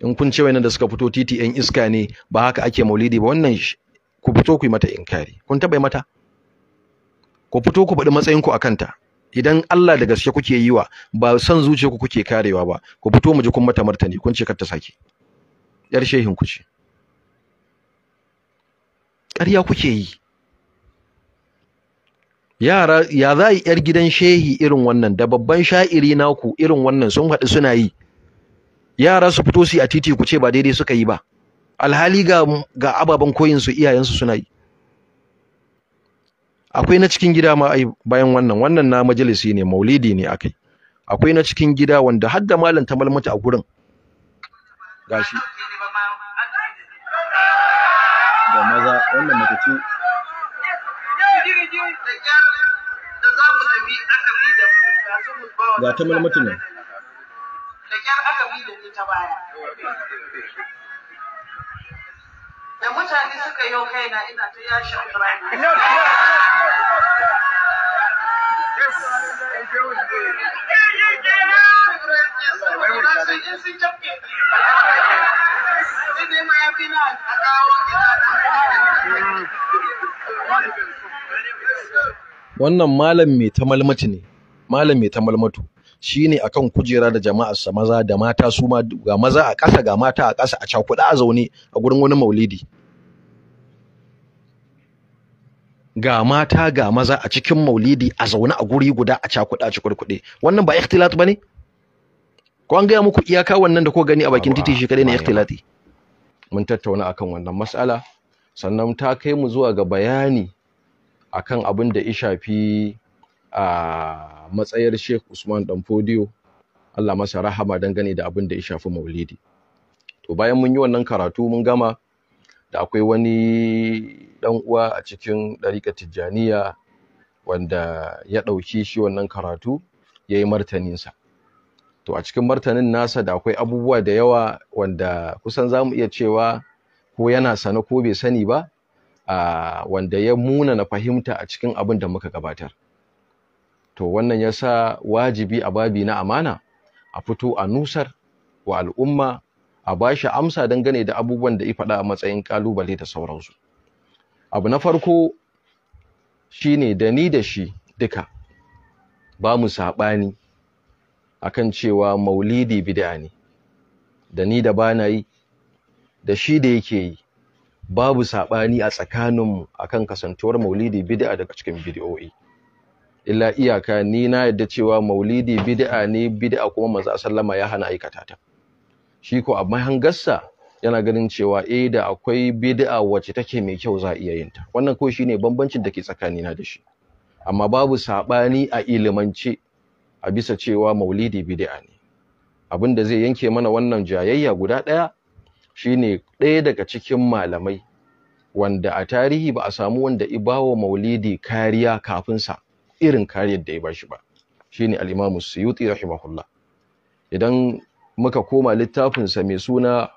in kun ce wayannan da suka fito titi yan iska ne ba haka ake maulidi ba wannan ku fito ku yi mata inkari kun taɓa mata ku fito ku faɗi matsayin ku akan ta idan Allah da gaske kuke yi wa ba san zuciya ku kuke karewa ba ku fito mu ji kun mata martani kun ce kar ta saki yar shehin ku ce ƙarya kuke yi yara ya za yar gidan shehi irin wannan da babban sha'iri naku irin wannan sun haɗu suna yi yara su fito su a titi ku ce ba daidai suka yi ba alhali ga ga ababen koyin su iyayensu suna yi akwai na cikin gida ma ai bayan wannan wannan na majalisi ne maulidi ne akai akwai na cikin gida wanda har da malam ta malmata a gurin gashi da maza wannan mata ce ga ta malmata ne da kyar aka bi da ita baya da mutane suka yau na ina ta yashi Ibrahim Wannan malam mai ta malmatu ne, malam mai ta malmatu. shine akan kujera da jama'arsa maza da mata su ma ga maza a ƙasa ga mata a ƙasa a cakuɗa a zaune a gurin wani maulidi ga mata ga maza a cikin maulidi a zaune a guri guda a cakuɗa a cikurkuɗe wannan ba ikhtilat bane ko an gaya muku iyaka wannan da ko gani a bakin titi shi kadai ne ikhtilati mun tattauna akan wannan mas'ala sannan ta kai mu zuwa ga bayani akan abin da ya shafi a matsayar Sheikh Usman Danfodiyo Allah masa rahama dangane da abin da ya shafi Maulidi to bayan mun yi wannan karatu mun gama da akwai wani dan uwa a cikin ɗariƙar Tijjaniya wanda ya ɗauki shi wannan karatu ya yi martaninsa to a cikin martanin nasa da akwai abubuwa da yawa wanda kusan za mu iya cewa ko yana sane ko bai sani ba a wanda ya muna na fahimta a cikin abin da muka gabatar to wannan ya sa wajibi a babi na amana a fito a nusar wa al'umma a ba shi amsa dangane da abubuwan da ya faɗa a matsayin ƙalubale da sauransu abu na farko shi ne da ni da shi duka ba mu saɓani akan cewa maulidi bid'a ne da ni da bana yi da shi da yake yi babu saɓani a tsakaninmu a akan kasantuwar maulidi bid'a daga cikin bidiyo'i. illa iyaka ni na yadda cewa maulidi bid'a ne bid'a kuma manzo sallama ya hana aikata ta shi ko amma hangarsa yana ganin cewa eh da akwai bid'a wacce take mai kyau za iya yin ta wannan ko shine bambancin da ke tsakani na da shi amma babu sabani a ilimance a bisa cewa maulidi bid'a ne abin da zai yanke mana wannan jayayya guda daya shine ɗaya daga cikin malamai wanda a tarihi ba a samu wanda ibawo maulidi kariya kafin sa irin kariyar da ya bashi ba shine al-Imam Suyuti rahimahullah idan muka koma littafinsa mai suna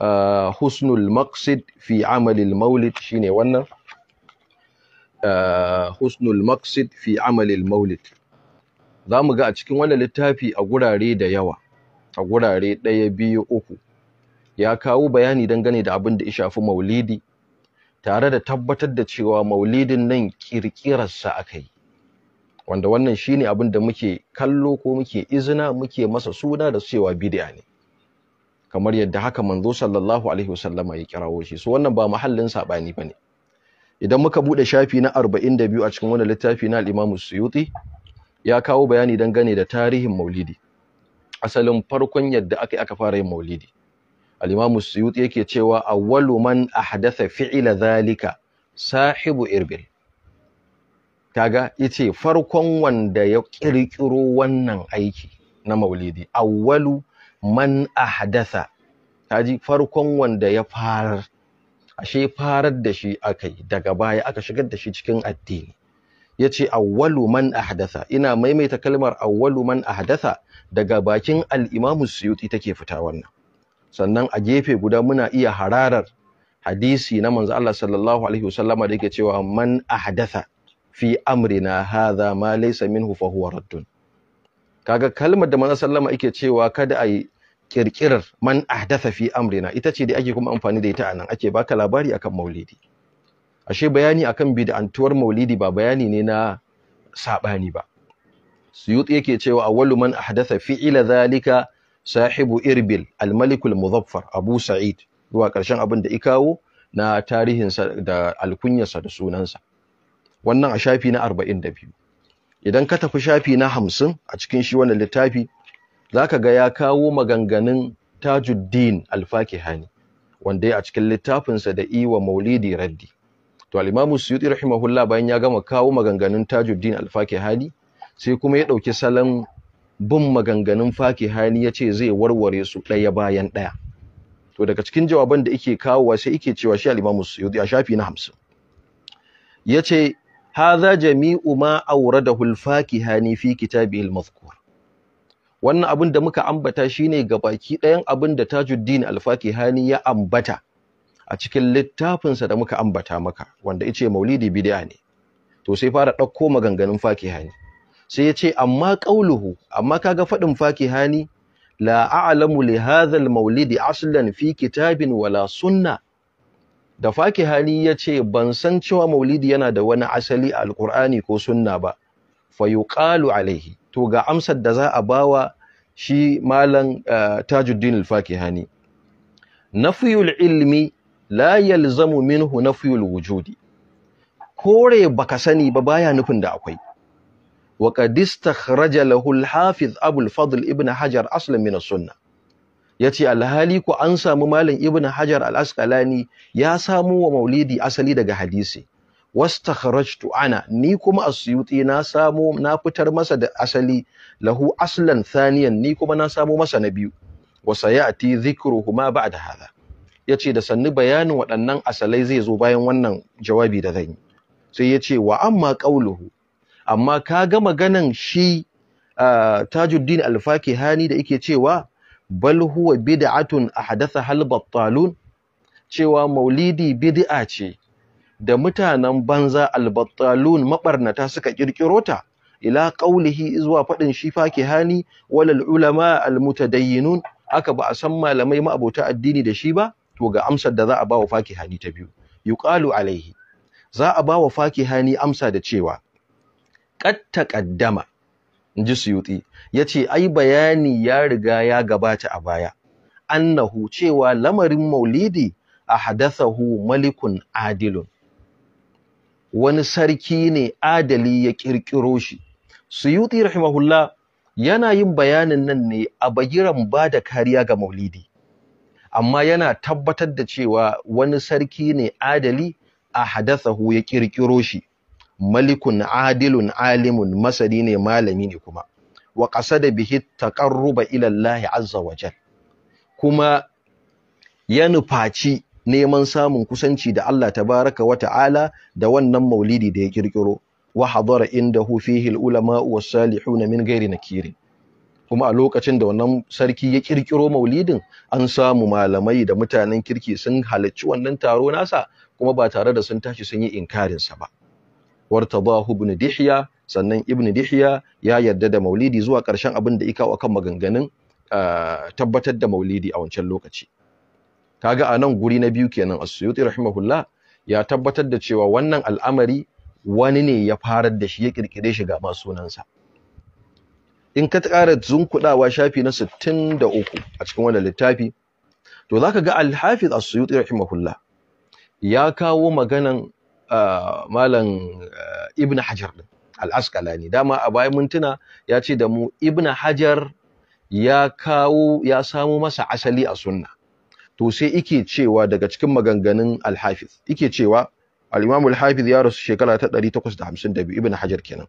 ah, Husnul Maqsid fi amalil Maulid shine wannan ah, Husnul Maqsid fi amalil Maulid mu ga a cikin wannan littafi a gurare da yawa a gurare ɗaya biyu uku ya kawo bayani dangane da abin da ya shafi maulidi tare da tabbatar da cewa maulidin nan kirkirarsa aka yi wanda wannan shine abin da muke kallo ko muke izina muke masa suna da cewa bid'a ne kamar yadda haka manzo sallallahu alaihi wasallama ya kirawo shi so wannan ba mahallin sabani bane idan muka bude shafi na 42 a cikin wannan littafi na al-Imam Suyuti ya kawo bayani gane da tarihin Maulidi asalin farkon yadda aka aka fara yin Maulidi al-Imam Suyuti yake cewa awwalu man ahdatha fi'la zalika, sahibu irbil kaga yace farkon wanda ya kirkiro wannan aiki na maulidi awwalu man ahdatha kaji farkon wanda ya farar ashe farar da shi akai daga baya aka shigar da shi cikin addini yace awwalu man ahdatha ina maimaita kalmar awwalu man ahdatha daga bakin al-Imam Suyuti take fita wannan sannan a gefe guda muna iya hararar hadisi na manzo Allah sallallahu alaihi wasallama da yake cewa man ahdatha fi amrina hadha ma laysa minhu fa huwa raddun kaga kalmar da manzon sallama yake cewa kada ayi kirkirar man ahdatha fi amrina ita ce da ake kuma amfani da ita anan ake baka labari akan maulidi ashe bayani akan bid'antuwar maulidi ba bayani ne na sabani ba suyut yake cewa awwalu man ahdatha fi'ila zalika sahibu irbil al-malik al-muzaffar abu sa'id zuwa ƙarshen abin da ikawo na tarihinsa da alkunyarsa da sunansa wannan a shafi na arba'in da biyu. idan ka tafi shafi na hamsin a cikin shi wannan littafi zaka ga ya kawo maganganun Tajuddin Al-Fakihani wanda ya a cikin littafinsa da Iwa Maulidi Raddi to al-Imam Suyuti rahimahullah bayan ya gama kawo maganganun Tajuddin Al-Fakihani sai kuma ya dauki salon bin maganganun Fakihani yace zai warware su ɗaya bayan ɗaya to daga cikin jawaban da yake kawowa sai yake cewa shi al-Imam Suyuti a shafi na 50 yace hadha jami'u ma da al-fakihani fi kitabihi wannan abin da muka ambata shine gabaki ɗayan abin da Tajuddin al-Fakihani ya ambata a cikin littafinsa da muka ambata maka wanda yace Maulidi bid'a ne to sai fara ɗauko maganganun Fakihani sai yace amma qauluhu amma kaga faɗin Fakihani la a'lamu li hadha al-maulidi aslan fi kitabin wala sunna da fakihani ya ce ban san cewa maulidi yana da wani asali a Alƙur'ani ko sunna ba fa yuqalu alaihi to ga amsar da za a bawa shi malam eh, tajuddin alfaki fakihani nafiyul ilmi la yalzamu minhu nafiyul wujudi kore baka sani ba baya nufin da akwai wa qad istakhraja lahu hafiz abul fadl ibn hajar aslan min as-sunnah yace alhali ku an samu malam ibnu hajar al-asqalani ya samu wa maulidi asali daga hadisi wastakhrajtu ana ni kuma asyuti na samu na fitar masa da asali lahu aslan thaniyan ni kuma na samu masa na biyu wa sayati dhikruhuma ba'da hadha yace da sannu bayanin waɗannan asalai zai zo bayan wannan jawabi da zan yi sai yace wa amma qauluhu amma kaga maganan shi ah, Tajuddin Al-Fakihani da yake cewa bal huwa bid'atun ahdatha hal battalun cewa maulidi bid'a ce da mutanen banza albattalun mabarnata suka kirkiro ta ila qaulihi zuwa fadin shi fakihani walal ulama almutadayyinun aka ba a san malamai ma'abota addini da shi ba to ga amsar da za a bawa fakihani ta biyu yuqalu alaihi za a bawa fakihani amsa da cewa qad taqaddama inji Suyuti ce ai bayani ya riga ya gabata a baya annahu cewa lamarin maulidi a hadathahu malikun adilun wani sarki ne adali ya ƙirƙiro shi Suyuti rahimahullah yana yin bayanin nan ne a bagiran da kariya ga maulidi amma yana tabbatar da cewa wani sarki ne adali a hadathahu ya ƙirƙiro shi malikun adilun alimun masani ne malami ne kuma wa qasada bihi taqarruba ila Allah azza wa jal kuma ya nufaci neman samun kusanci da Allah tabaraka wa ta'ala da wannan maulidi da ya kirkiro wa hadara indahu fihi al-ulama was-salihun min ghairi nakiri kuma a lokacin da wannan sarki ya kirkiro maulidin an samu malamai da mutanen kirki sun halarci wannan taro nasa kuma ba tare da sun tashi sun yi inkarin sa ba wartadahu ibn dihya sannan ibn dihya ya yarda da maulidi zuwa ƙarshen abin da ikawo kan maganganun tabbatar da maulidi a wancan lokaci kaga a nan guri na biyu kenan as-suyuti rahimahullah ya tabbatar da cewa wannan al'amari wani ne ya farar da shi ya kirkire shi ga masu sunansa in ka ƙara zunkudawa shafi na 63 a cikin wannan littafi to zaka ga al-hafiz as-suyuti rahimahullah ya kawo maganan malam eh, ibn hajar din al-asqalani dama a bayan mintuna ya ce da mu ibn hajar ya kawo ya samo masa asali a sunna to sai ike cewa daga cikin maganganun al-hafiz ike cewa al-imam al-hafiz ya rasu shekara ta 852 ibn hajar kenan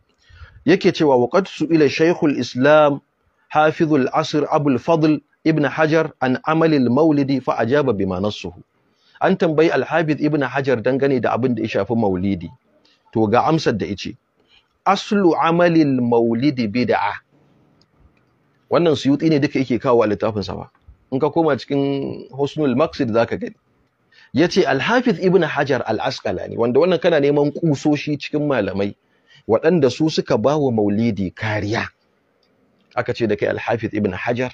yake cewa waqad su'ila shaykhul islam hafizul asr abul fadl ibn hajar an amali al-maulidi fa ajaba bima nassuhu an tambayi alhabid ibn hajar dangane da abin da ya shafi maulidi to ga amsar da yace aslu amalil maulidi bid'a wannan suyuti ne duka yake kawo a littafin sa ba in ka koma cikin husnul maqsid zaka gani yace alhafiz ibn hajar al-asqalani wanda wannan kana neman kusoshi cikin malamai waɗanda su suka bawa maulidi kariya aka ce da kai alhafiz ibn hajar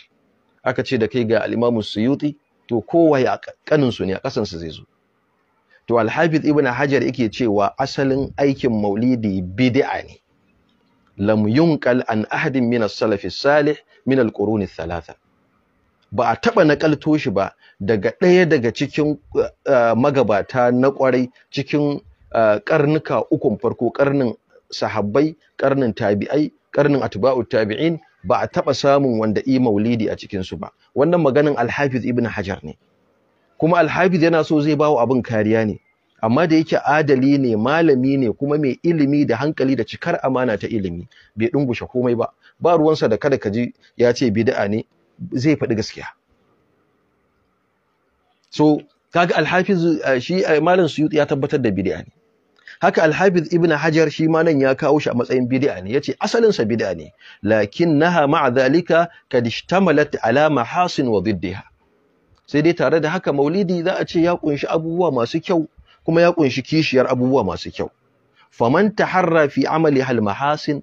aka ce da kai ga al-imam suyuti to kowaye a ƙaninsu ne a ƙasansu zai zo to alhafiz ibn hajar yake cewa asalin aikin maulidi bid'a ne lam yunqal an ahadin min as-salaf salih min al-qurun thalatha ba a taba nakalto shi ba daga ɗaya daga cikin eh, eh, magabata na ƙwarai cikin karnuka eh, ukun farko karnin sahabbai karnin tabi'ai karnin atba'u tabi'in ba a taɓa samun wanda i maulidi a cikinsu ba wannan maganin alhafiz ibn hajar ne kuma alhafiz yana so zai bawa abin kariya ne amma da yake adali ne malami ne kuma mai ilimi da hankali da cikar amana ta ilimi bai dungushe komai ba ba ruwansa da kada ka ji ya ce bid'a ne zai faɗi gaskiya so kaga alhafiz eh, shi eh, malam suyuti ya tabbatar da bid'a ne haka alhafiz ibn hajar shi ma nan ya kawo shi a matsayin bid'a ne yace asalin sa bid'a ne naha ma'a zalika kad ishtamalat ala mahasin wa diddiha sai dai tare da haka maulidi za a ce ya kunshi abubuwa masu kyau kuma ya kunshi kishiyar abubuwa masu kyau faman taharra fi amali hal mahasin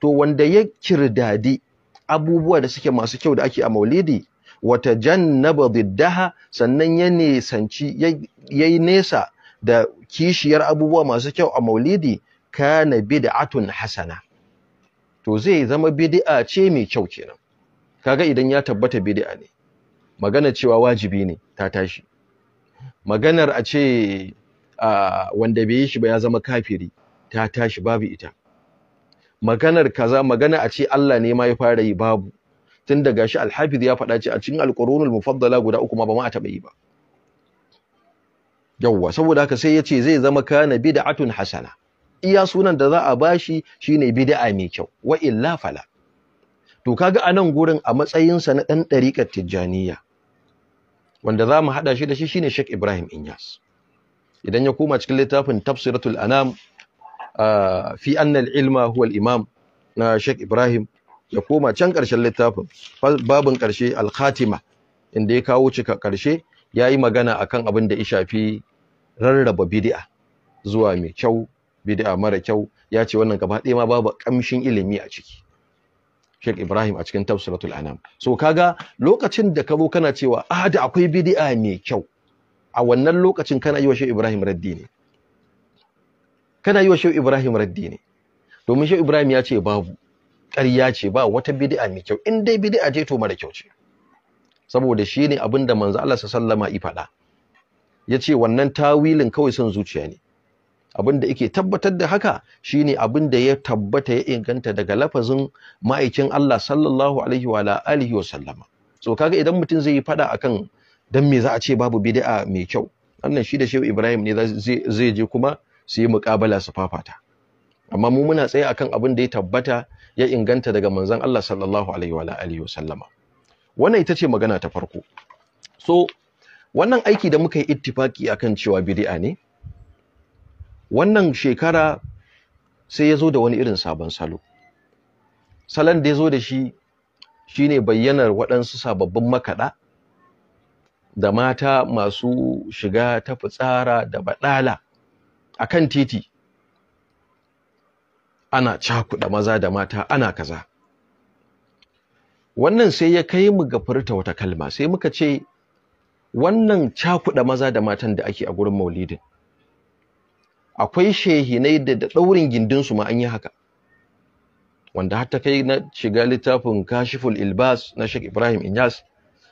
to wanda ya kirdadi abubuwa da suke masu kyau da ake a maulidi wata jannaba diddaha sannan ya nesanci yayi nesa da kishiyar abubuwa masu kyau a maulidi kana bid'atun hasana to zai zama bid'a ce mai kyau kenan kaga idan ya tabbata bid'a ne magana cewa wajibi ne ta tashi maganar a ce wanda bai yi shi ba ya zama kafiri ta tashi babu ita maganar kaza magana a ce Allah ne ma ya fara yi babu tun daga shi alhafiz ya faɗa ce a cikin alqurunul mufaddala guda uku ma ba ma a taɓa yi ba yawwa saboda haka sai yace zai zama kana bid'atun hasana iya sunan da za a bashi shine bid'a mai kyau wa illa fala to kaga anan gurin a matsayin sa na dan dariƙar tijjaniya wanda zamu hada shi da shi shine Sheikh Ibrahim Inyas idan ya koma cikin littafin Tafsiratul Anam fi anna al-ilma huwa al-imam na Sheikh Ibrahim ya koma can ƙarshen littafin babin ƙarshe al-khatima inda ya kawo cika ƙarshe ya yi magana akan abin da ya shafi rarraba bidi'a zuwa mai kyau bid'a mara kyau ya ce wannan gaba ɗaya ma babu kamshin ilimi a ciki Sheikh Ibrahim a cikin Tafsiratul Anam so kaga lokacin da ka zo kana cewa ah da akwai bidi'a mai kyau a wannan lokacin kana yi wa Sheikh Ibrahim raddi ne kana yi wa Sheikh Ibrahim raddi ne domin Sheikh Ibrahim ya ce babu ƙarya ce ba wata bidi'a mai kyau in dai bid'a ce to mara kyau ce saboda shi ne abin da manzo Allah sallama i faɗa ya ce wannan tawilin kawai son zuciya ne abin da yake tabbatar da haka shine abin da ya tabbata ya inganta daga lafazin ma'aikin Allah sallallahu alaihi wa alihi wa sallama so kaga idan mutum zai yi faɗa akan dan me za a ce babu bid'a mai kyau wannan shi da Shehu Ibrahim ne zai je kuma su yi muƙabala su fafata amma mu muna tsaye akan abin da ya tabbata ya inganta daga manzon Allah sallallahu alaihi wa alihi wa sallama wannan ita ce magana ta farko so wannan aiki da muka yi ittifaki akan cewa bid'a ne wannan shekara sai ya zo da wani irin sabon salo salon da ya zo da shi shine bayyanar waɗansu sababbin makaɗa da mata masu shiga ta fitsara da baɗala akan titi ana cakuɗa maza da mata ana kaza wannan sai ya kai mu ga furta wata kalma sai muka ce wannan cakuɗa maza da matan da ake a gurin maulidin akwai shehinai da da ɗaurin gindinsu ma an yi haka wanda har ta kai na shiga littafin kashiful ilbas na Sheikh Ibrahim Inyas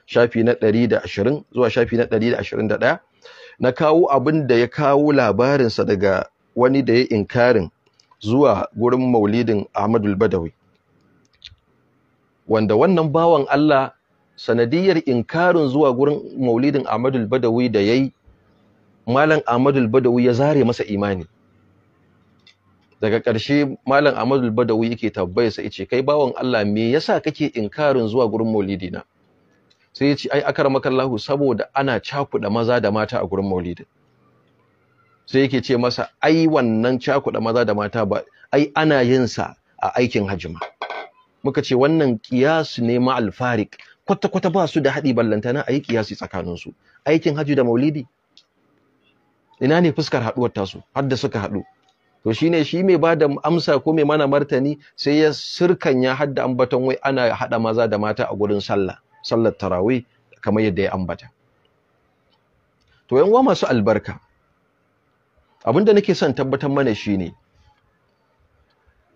shafi na 120 zuwa shafi na 121 na kawo abin da ya kawo labarinsa daga wani da ya inkarin zuwa gurin maulidin Ahmadul Badawi wanda wannan bawan Allah sanadiyar inkarin zuwa gurin maulidin Ahmadu Badawi da yayi malam Ahmadu Badawi ya zare masa imani daga ƙarshe malam Ahmadu Badawi yake tabbayarsa ce, kai bawan Allah me yasa kake inkarin zuwa gurin maulidina sai ya ce ai akarmakallahu saboda ana cakuɗa maza da mata a gurin maulidin sai yake ce masa ai wannan cakuɗa maza da mata ba ai ana yin sa a aikin hajima muka ce wannan qiyas ne ma al kwata kwata ba su da hadi ballantana ayi qiyasi tsakanin su aikin Hajji da maulidi ina ne fuskar haduwar tasu har da suka hadu to shine shi mai ba da amsa ko mai mana martani sai ya ya hadda ambaton wai ana haɗa maza da mata a gurin sallah sallar tarawih kamar yadda ya ambata to yan masu albarka abinda nake son tabbatar mana shine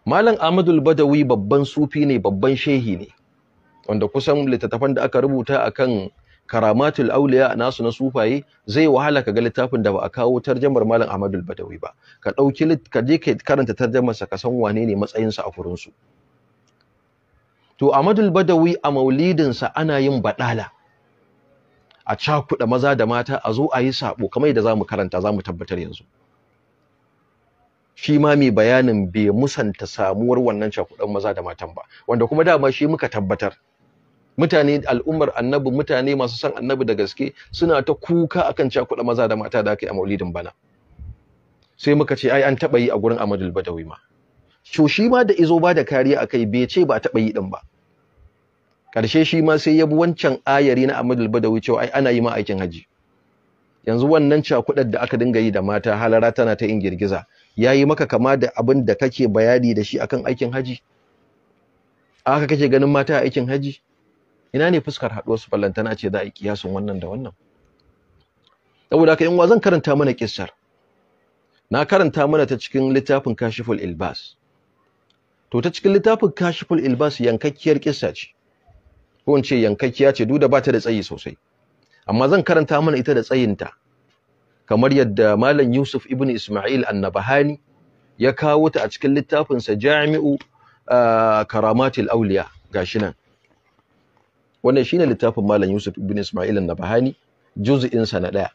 Malam Ahmadul Badawi babban sufi ne babban shehi ne wanda kusan littattafan da aka rubuta akan karamatul auliya nasu na sufaye zai wahala ka ga littafin da ba a kawo tarjamar malam Ahmadul Badawi ba ka ɗauki ka je ka karanta tarjamarsa, ka san wane ne matsayin sa a furin su to Ahmadul Badawi a maulidin sa ana yin baɗala. a cakuɗa maza da mata a zo a yi saɓo, kamar yadda zamu karanta zamu tabbatar yanzu shi ma mai bayanin bai musanta samuwar wannan cakudan maza da matan ba wanda kuma dama shi muka tabbatar mutane al'ummar annabi mutane masu son annabi da gaske suna ta kuka akan cakudan maza da mata da aka yi a maulidin bana sai muka ce ai an taba yi a gurin amadul badawi ma to shi ma da izo ba da kariya akai bai ce ba taba yi din ba karshe shi ma sai ya bi wancan ayari na amadul badawi cewa ai ana yi ma aikin haji yanzu wannan cakudan da aka dinga yi da mata halara tana ta yin girgiza Ya yi maka kama da abin da kake bayani da shi akan aikin haji aka kake ganin mata a aikin haji ina ne fuskar haduwar su ballantana ce za a yi wannan da wannan saboda haka in wa zan karanta mana kissar na karanta mana ta cikin littafin kashiful ilbas to ta cikin littafin kashiful ilbas yankakkiyar kissa ce ko in ce yankakkiya ce duk da ba ta da tsayi sosai amma zan karanta mana ita da tsayinta kamar yadda malam Yusuf ibn Ismail Annabahani ya kawo ta a cikin littafinsa Jami'u Karamatil Auliya gashi nan wannan shine littafin malam Yusuf ibn Ismail Annabahani juz'in sa na daya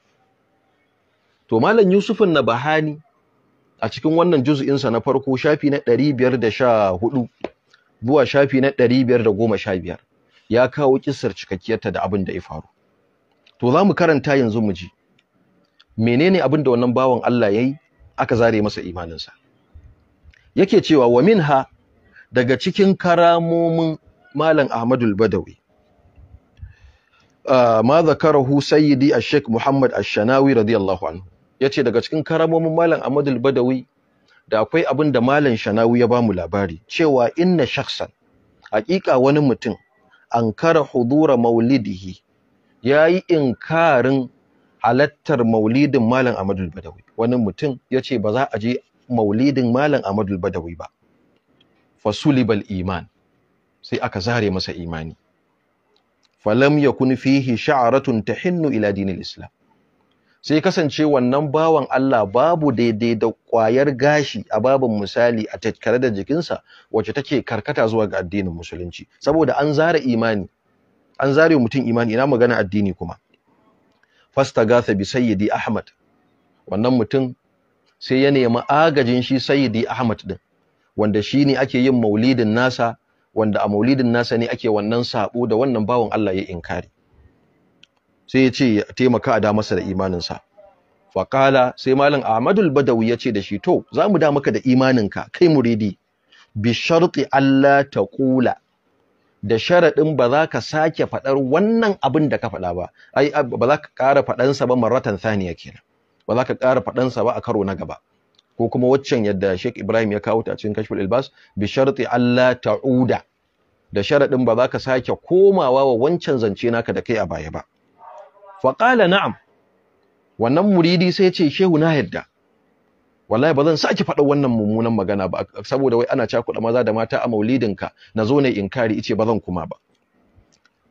to malam Yusuf Annabahani a cikin wannan juz'in sa na farko shafi na 514 zuwa shafi na 515 ya kawo kissar cikakkiyarta da abin da ya faru to zamu karanta yanzu mu ji menene abin da wannan bawan Allah yayi aka zare masa imaninsa yake cewa wa minha daga cikin karamomin malam Ahmadul Badawi ah, ma zakarahu sayyidi ash-sheikh Muhammad ash-Shanawi radiyallahu anhu yace daga cikin karamomin malam Ahmadul Badawi da akwai abin da malam Shanawi ya bamu labari cewa inna shakhsan haƙiƙa wani mutum ankara hudura maulidihi yayi inkarin halattar maulidin malam Ahmadul Badawi wani mutum ya ce ba za a je maulidin malam Ahmadul Badawi ba fasulibal iman sai aka zare masa imani falam ya yakun fihi ta hinnu ila dinin islam sai kasance wannan bawan Allah babu daidai da ƙwayar gashi a babin misali a tattare da jikinsa wacce take karkata zuwa ga addinin musulunci saboda an zare imani an zare mutum imani ina magana addini kuma Fasta gasa bi sayyidi ahmad wannan mutum sai ya nemi agajin shi sayyidi ahmad din wanda shi ne ake yin maulidin nasa wanda a maulidin nasa ne ake wannan sabo da wannan bawan Allah ya inkari sai ya ce ya taimaka a da masa da imaninsa faƙala sai malam ahmadul badawi ya ce da shi to za mu da maka da imaninka kai muridi bi sharti Allah ta ƙula da sharaɗin ba za ka sake faɗar wannan abin da ka faɗa ba ai ba za ka ƙara faɗansa ba maratan thaniya kenan ba za ka ƙara faɗansa ba a karo na gaba ko kuma waccan yadda Sheikh Ibrahim ya kawo ta cikin Kashful Ilbas bi sharti Allah ta'uda da sharaɗin ba za ka sake komawa wa wancan zance naka da kai a baya ba fa qala na'am wannan muridi sai ya ce shehu na yadda wallahi ba zan sake faɗa wannan mummunan magana ba saboda wai ana cakuɗa maza da mata a maulidinka na zo ne inkari ice ba zan kuma ba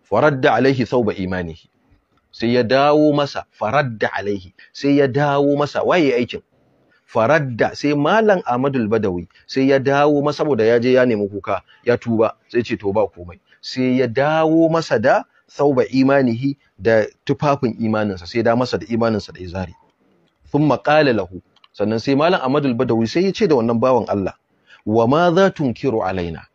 faradda alaihi sauba imanihi sai ya dawo masa faradda alaihi sai ya dawo masa waye aikin faradda sai malam Ahmadul Badawi sai ya dawo masa saboda ya je ya nemi kuka ya tuba sai ce to ba komai sai ya dawo masa da sauba imanihi da tufafin imaninsa sai da masa da imaninsa da izari Sun qala lahu sannan sai malam Ahmadul Badawi sai ya ce da wannan bawan Allah wa ma za tunkiru alaina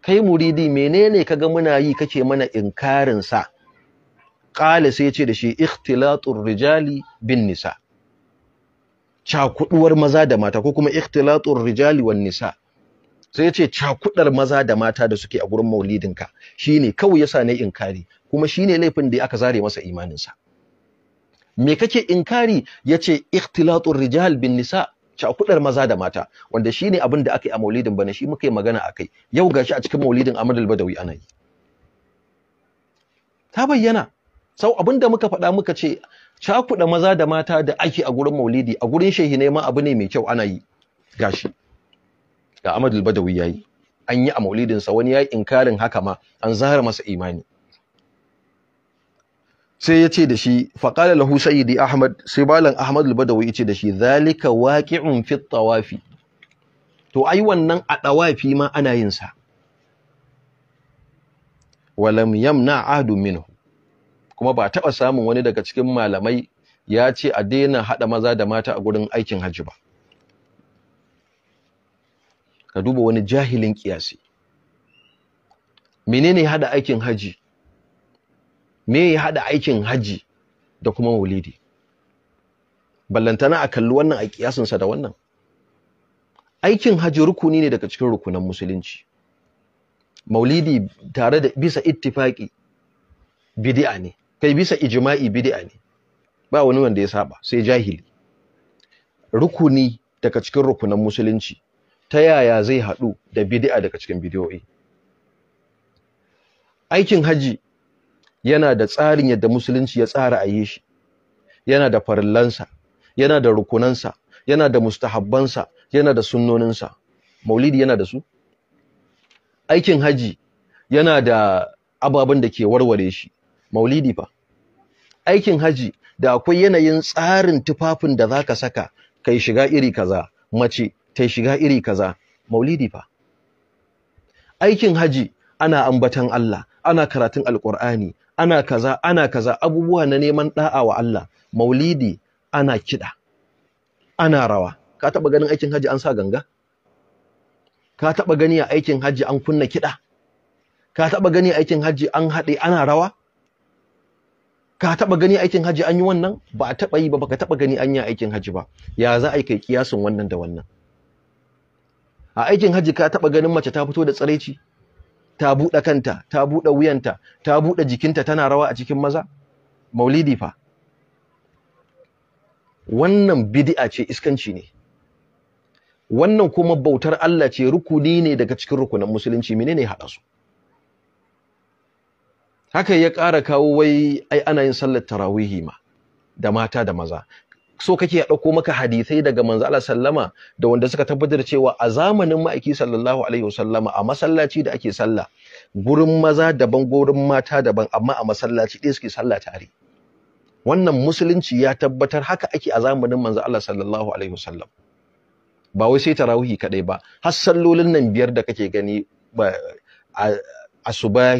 kai muridi menene kaga muna yi kake mana inkarin sa qala sai ya ce da shi ikhtilatur rijali bin nisa cakuduwar maza da mata ko kuma ikhtilatur rijali wan nisa sai ya ce cakudar maza da mata da suke a gurin maulidinka shine kawai yasa ne inkari kuma shine laifin da aka zare masa imanin sa me kake inkari yace ikhtilatul rijal bin nisa cakudar maza da mata wanda shine abin da aka yi a maulidin bana shi muke magana akai yau gashi a cikin maulidin Ahmad al-Badawi ana yi ta bayyana sau abin da muka faɗa muka ce cakuɗa maza da mata da ake a gurin maulidi a gurin shehi ne ma abu ne mai kyau ana yi gashi ga Ahmad al-Badawi yayi an yi a maulidin sa wani yayi inkarin haka ma an zahar masa imani sai ya ce da shi faƙala lahu sayyidi ahmad sai malam ahmad al-badawi ya ce da shi zalika waqi'un fi tawafi to ai wannan a tawafi ma ana yin sa walam yamna ahdun minhu kuma ba taɓa samun wani daga cikin malamai ya ce a daina haɗa maza da mata a gurin aikin hajji ba ka duba wani jahilin ƙiyasi. menene haɗa aikin hajji? me ya haɗa aikin haji da kuma maulidi ballantana a kalli wannan a kiyasinsa da wannan aikin haji rukuni ne daga cikin rukunan musulunci maulidi tare da bisa ittifaƙi bid'a ne kai bisa ijma'i bidi'a ne ba wani wanda ya saba sai jahili rukuni daga cikin rukunan musulunci ta yaya zai haɗu da bidi'a daga cikin bidiyoyi aikin haji yana da tsarin yadda musulunci ya tsara a yi shi yana da farillansa yana da rukunansa yana da mustahabbansa yana da sunnoninsa maulidi yana da su aikin haji yana da ababen da ke warware shi maulidi fa aikin haji da akwai yanayin tsarin tufafin da za ka saka kai shiga iri kaza mace ta shiga iri kaza maulidi fa aikin haji ana ambatan Allah ana karatun Alƙur'ani. ana kaza ana kaza abubuwa na neman da'a wa Allah maulidi ana kida ana rawa ka taba ganin aikin haji an sa ganga ka taba gani a aikin haji an kunna kida ka taba gani aikin haji an hade ana rawa ka taba gani aikin haji an yi wannan ba a taba yi ba baka taba gani an yi aikin haji ba ya za a kai kiyasin wannan da wannan a aikin haji ka taba ganin mace ta fito da tsareci ta buɗe kanta ta buɗe wuyanta ta buɗe jikinta tana rawa a cikin maza maulidi fa wannan bid'a ce iskanci ne wannan kuma bautar Allah ce rukuni ne daga cikin rukunan musulunci menene haɗa su haka ya ƙara kawo wai ai ana yin sallar tarawihi ma da mata da maza so kake ya ɗauko maka hadisai daga manzo Allah sallama da wanda suka tabbatar cewa a zamanin ma'aiki sallallahu alaihi wasallama a masallaci da ake sallah gurin maza daban gurin mata daban amma a masallaci ɗaya suke sallah tare wannan musulunci ya tabbatar haka ake a zamanin manzo Allah sallallahu alaihi wasallam ba wai sai tarawihi kadai ba har sallolin nan biyar da kake gani a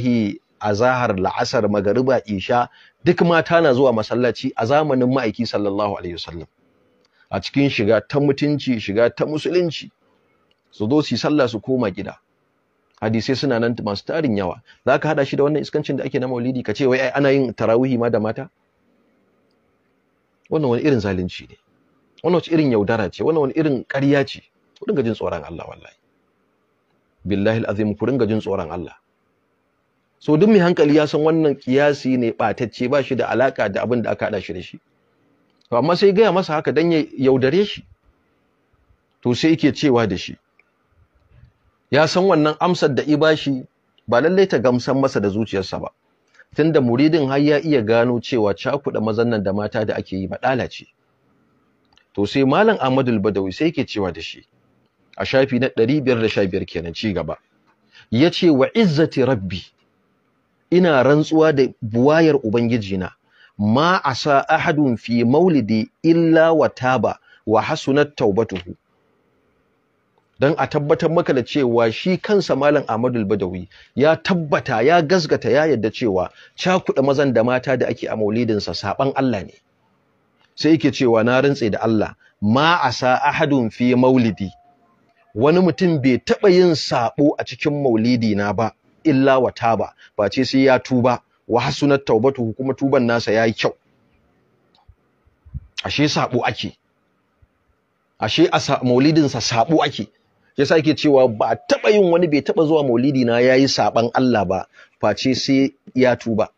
azahar la'asar magariba isha duk mata na zuwa masallaci a zamanin ma'aiki sallallahu alaihi wasallam a cikin shiga ta mutunci shiga ta musulunci su zo su sallah su koma gida hadisai suna nan masu tarin yawa za ka haɗa shi da wannan iskancin da ake na maulidi ka ce wai ana yin tarawihi ma da mata wannan wani irin zalunci ne wannan wace irin yaudara ce wannan wani irin ƙarya ce ku dinga jin tsoron Allah wallahi billahi alazim ku dinga jin tsoron Allah so duk mai hankali ya san wannan kiyasi ne batacce ba shi da alaka da abin da aka hada shi da shi to amma sai gaya masa haka dan ya yaudare shi to sai yake cewa da shi ya san wannan amsar da ibashi ba lallai ta gamsan masa da zuciyarsa ba tunda muridin har ya iya gano cewa cakuɗa mazan nan da mata da ake yi maɗala ce to sai malam Ahmadul Badawi sai yake cewa da shi a shafi na ɗari 515 kenan ci gaba yace wa izzati rabbi ina rantsuwa da buwayar ubangijina ma asa ahadun fi maulidi illa wa taba wa hasunat taubatuhu dan a tabbatar maka da cewa shi kansa malam Ahmadu badawi ya tabbata ya gasgata ya yadda cewa cakuɗa mazan da mata da ake a maulidinsa saban Allah ne sai yake cewa na rantse da Allah ma asa ahadun fi maulidi wani mutum bai taɓa yin sabo a cikin maulidi na ba illa wa taba ba ce sai ya tuba wa hasunat taubatu kuma tuban nasa yayi kyau ashe sabo ake ashe a maulidin sa sabo ake yasa yake cewa ba taba yin wani bai taba zuwa maulidi na yayi saban Allah ba face sai ya tuba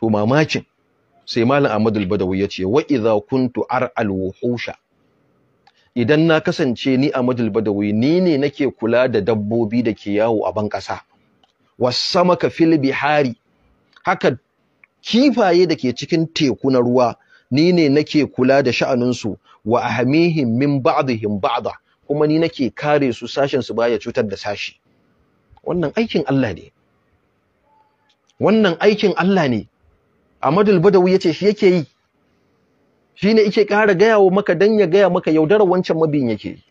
to mamakin sai malam Ahmad badawi ya ce wa idza kuntu al wuhusha idan na kasance ni Ahmad badawi ni ne nake kula da dabbobi da ke yawo a ban kasa wasamaka fil bihari haka kifaye da ke cikin teku na ruwa ni ne nake kula da su wa ahamihim min ba'dihim ba'da kuma ni nake kare su sashen su baya cutar da sashi wannan aikin Allah ne wannan aikin Allah ne Badawi yace shi yake yi shine yake ƙara gaya wa maka dan ya gaya maka yaudarar wancan mabin yake yi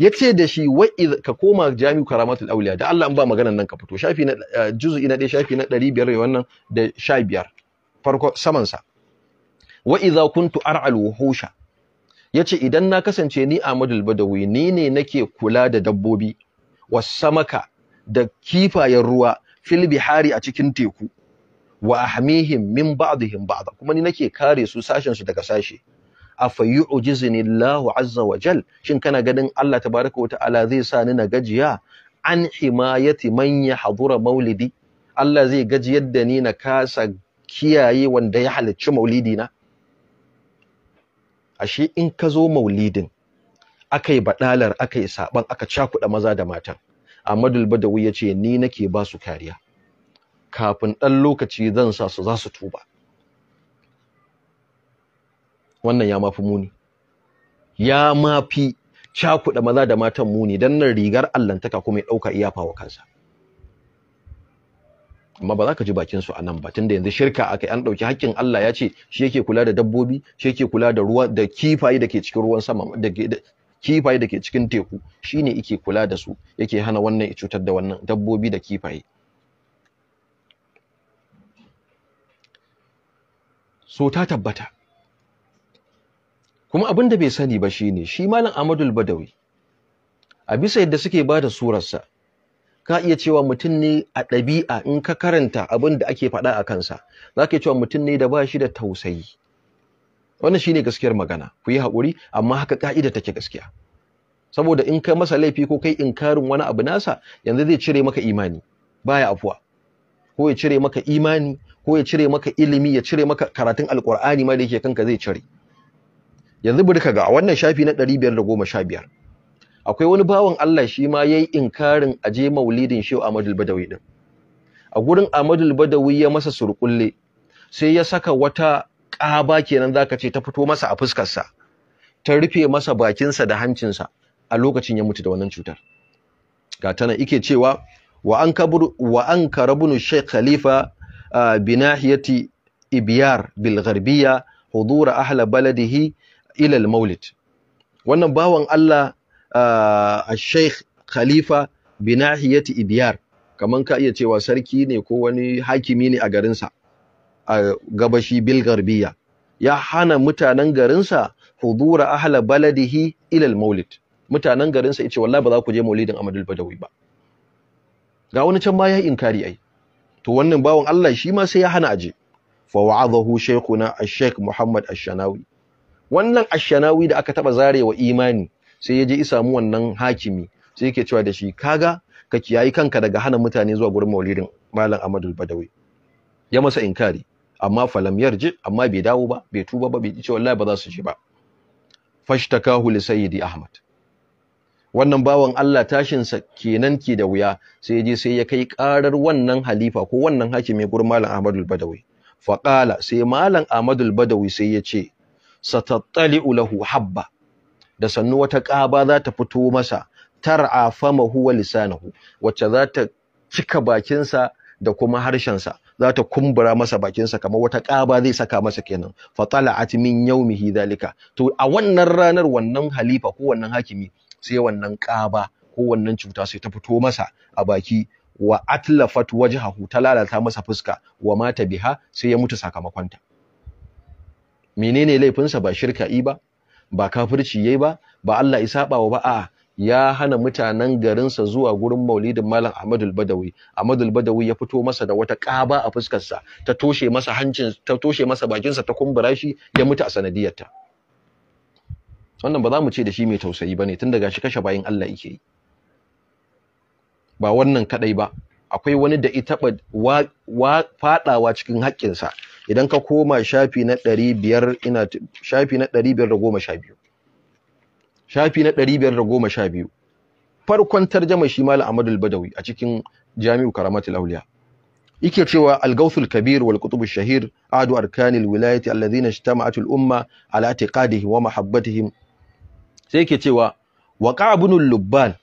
yace da shi wa'iz ka koma jami'u karamatul auliya da Allah an ba maganan nan ka fito shafi na eh, juz'i na 1 shafi na wannan da 15 farko saman sa wa'iza kuntu ar'al wuhusha yace idan na kasance ni Ahmadul Badawi ni ne nake kula da dabbobi samaka da kifayen ruwa fil bihari a cikin teku wa ahmihim min ba'dihim ba'da kuma ni nake kare su sashen su daga sashe afa yu'jizuni azza wa jal shin kana ganin Allah tabaraka wa ta'ala zai sa ni na gajiya an himayati man hadura maulidi Allah zai gajiyar da ni na kasa kiyaye wanda ya halicci maulidi na ashe in ka zo maulidin akai badalar akai saban aka cakuɗa maza da matan Ahmadul Badawi yace ni nake ba su kariya kafin ɗan lokaci zan sa su za su tuba wannan ya mafi muni ya mafi cakuɗa maza da matan muni dan nan rigar allantaka kuma ya ɗauka iyafa wa kansa amma ba za ka ji bakin su anan ba tunda yanzu shirka aka an dauki haƙƙin Allah ya ce shi yake kula da dabbobi shi yake kula da ruwa da kifaye dake cikin ruwan sama da kifaye dake cikin teku shine yake kula da su yake hana wannan ya cutar da wannan dabbobi da kifaye so ta tabbata kuma abin da bai sani ba shi ne, shi malam ahmadu Badawi a bisa yadda suke bada surarsa ka iya cewa mutum ne a ɗabi'a in ka karanta abin da ake faɗa a kansa za ka cewa mutum ne da ba shi da tausayi wannan shine gaskiyar magana ku yi haƙuri amma haka ka'ida take gaskiya saboda in ka masa laifi ko kai inkarin wani abu nasa yanzu zai cire maka imani baya afuwa ko ya cire maka imani ko ya cire maka ilimi ya cire maka karatun alƙur'ani ma da yake kanka zai cire yanzu bari ka ga a wannan shafi na 515 akwai wani bawan Allah shi ma yayi inkarin aje maulidin Shehu Ahmadul Badawi din a gurin Ahmadul Badawi ya masa surkulle sai ya saka wata ƙaba kenan zaka ce ta fito masa a fuskar sa ta rufe masa bakinsa da hancinsa a lokacin ya mutu da wannan cutar ga tana ike cewa wa an kabru wa an karabnu Sheikh Khalifa ah, binahiyati Ibyar bil Gharbiya hudura ahla baladihi ilal maulid wannan bawan Allah a sheikh khalifa binahiyati ibiyar kamar ka iya cewa sarki ne ko wani hakimi ne a garinsa a gabashi bilgarbiya ya hana mutanen garinsa hudura ahla baladihi ilal maulid mutanen garinsa yace wallahi ba za ku je maulidin Ahmadul Badawi ba ga wani can ma ya inkari ai to wannan bawan Allah shi ma sai ya hana aje fa wa'adahu shaykhuna ash-shaykh Muhammad ash-Shanawi wannan ashanawi da aka taba zarewa imani sai ya je isa mu wannan hakimi sai yake cewa da shi kaga ka kiyayi kanka daga hana mutane zuwa gurin maulidin malam Ahmadu Badawi ya masa inkari amma falam yarji amma bai dawo ba bai tuba ba bai ce wallahi ba za su je ba fashtakahu li sayyidi Ahmad wannan bawan Allah tashin sa kenan ke da wuya sai ya je sai ya kai karar wannan halifa ko wannan hakimi gurin malam Ahmadu Badawi faqala sai malam Ahmadu Badawi sai ya ce satattali'u lahu habba da sannu wata ƙaba za ta fito masa tar'a famahu wa lisanahu wacce za ta cika bakinsa da kuma harshensa za ta kumbura masa bakinsa kamar wata ƙaba zai saka masa kenan fatala'at min yawmihi dhalika to a wannan ranar wannan halifa ko wannan hakimi sai wannan ƙaba ko wannan cuta sai ta fito masa a baki wa atlafat wajhahu ta lalata masa fuska wa mata biha sai ya mutu sakamakonta menene laifinsa ba shirka yi ba ba kafirci yayi ba ba Allah ya bawo ba a ya hana mutanen garinsa zuwa gurin maulidin malam Ahmadul Badawi Ahmadul Badawi ya fito masa da wata ƙaba a fuskarsa ta toshe masa hancin ta toshe masa bakinsa ta kumbura shi ya mutu a sanadiyarta wannan ba za mu ce da shi mai tausayi bane tun daga shi kashe bayin Allah yake yi ba wannan kadai ba akwai wani da ita wa, wa fadawa cikin haƙƙinsa idan ka koma shafi na 500 ina shafi na 512 shafi na 512 farkon tarjama shi Badawi a cikin Jami'u Karamatul Awliya yake cewa al-gawthul kabir wal qutub ash-shahir adu arkanil wilayati alladhina ijtama'at al-umma ala i'tiqadihim wa mahabbatihim sai yake cewa waƙa ibn lubban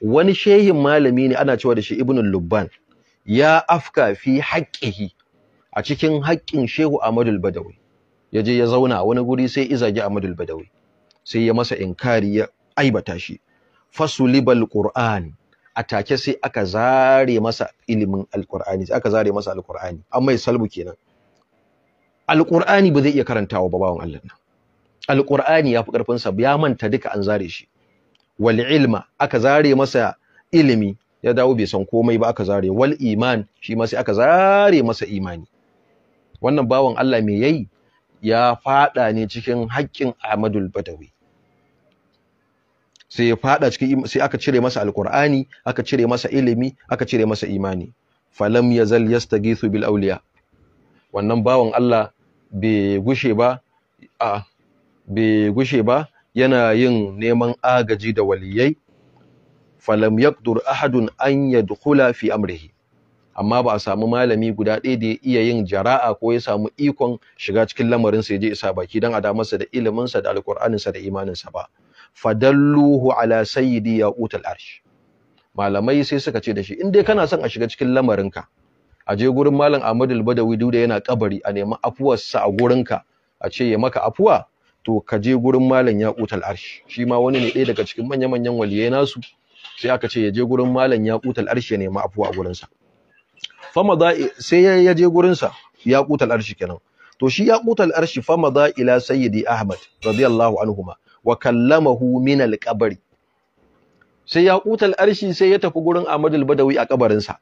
wani shehin malami ne ana cewa da shi ibn lubban ya afka fi haqqihi a cikin haƙƙin Shehu Ahmadul Badawi ya je ya zauna wani guri sai izagi Ahmadul Badawi sai ya masa inkari ya aibata shi fasulibal qur'an atake sai aka zare masa ilimin alqur'ani sai aka zare masa alqur'ani an mai salbu kenan alqur'ani ba zai iya karantawa ba bawon Allah nan alqur'ani yafi karfin sa ya manta duka an zare shi wal ilma aka zare masa ilimi ya dawo bai san komai ba aka zare wal iman shi ma sai aka zare masa imani wannan bawan Allah me yayi ya fada ne cikin haƙƙin Ahmadul Badawi sai ya fada cikin sai aka cire masa alqur'ani aka cire masa ilimi aka cire masa imani falam yazal yastagithu bil awliya wannan bawan Allah bai gushe ba a bai gushe ba yana yin neman agaji da waliyai falam yaqdur ahadun an yadkhula fi amrihi amma ba a samu malami guda ɗaya da ya iya yin jara'a ko ya samu ikon shiga cikin lamarin sa ya je isa baki dan a masa da ilimin da alkur'anin sa da imanin ba fadalluhu ala sayyidi ya arsh malamai sai suka ce da shi in dai kana son a shiga cikin lamarin ka a je gurin malam Ahmad al-Badawi duda yana kabari a nemi afuwar a gurin ka a ce ya maka afuwa to ka je gurin malam Yaqutul arsh shi ma wani ne ɗaya daga cikin manya-manyan waliyai nasu sai aka ce ya je gurin malam Yaqutul arsh ya nemi afuwa a gurinsa. sa fama za sai ya je gurinsa ya kutal arshi kenan to shi ya kutal arshi fama za ila sayyidi ahmad radiyallahu anhuma wa kallamahu min alqabri sai ya kutal arshi sai ya tafi gurin ahmad al-badawi a kabarinsa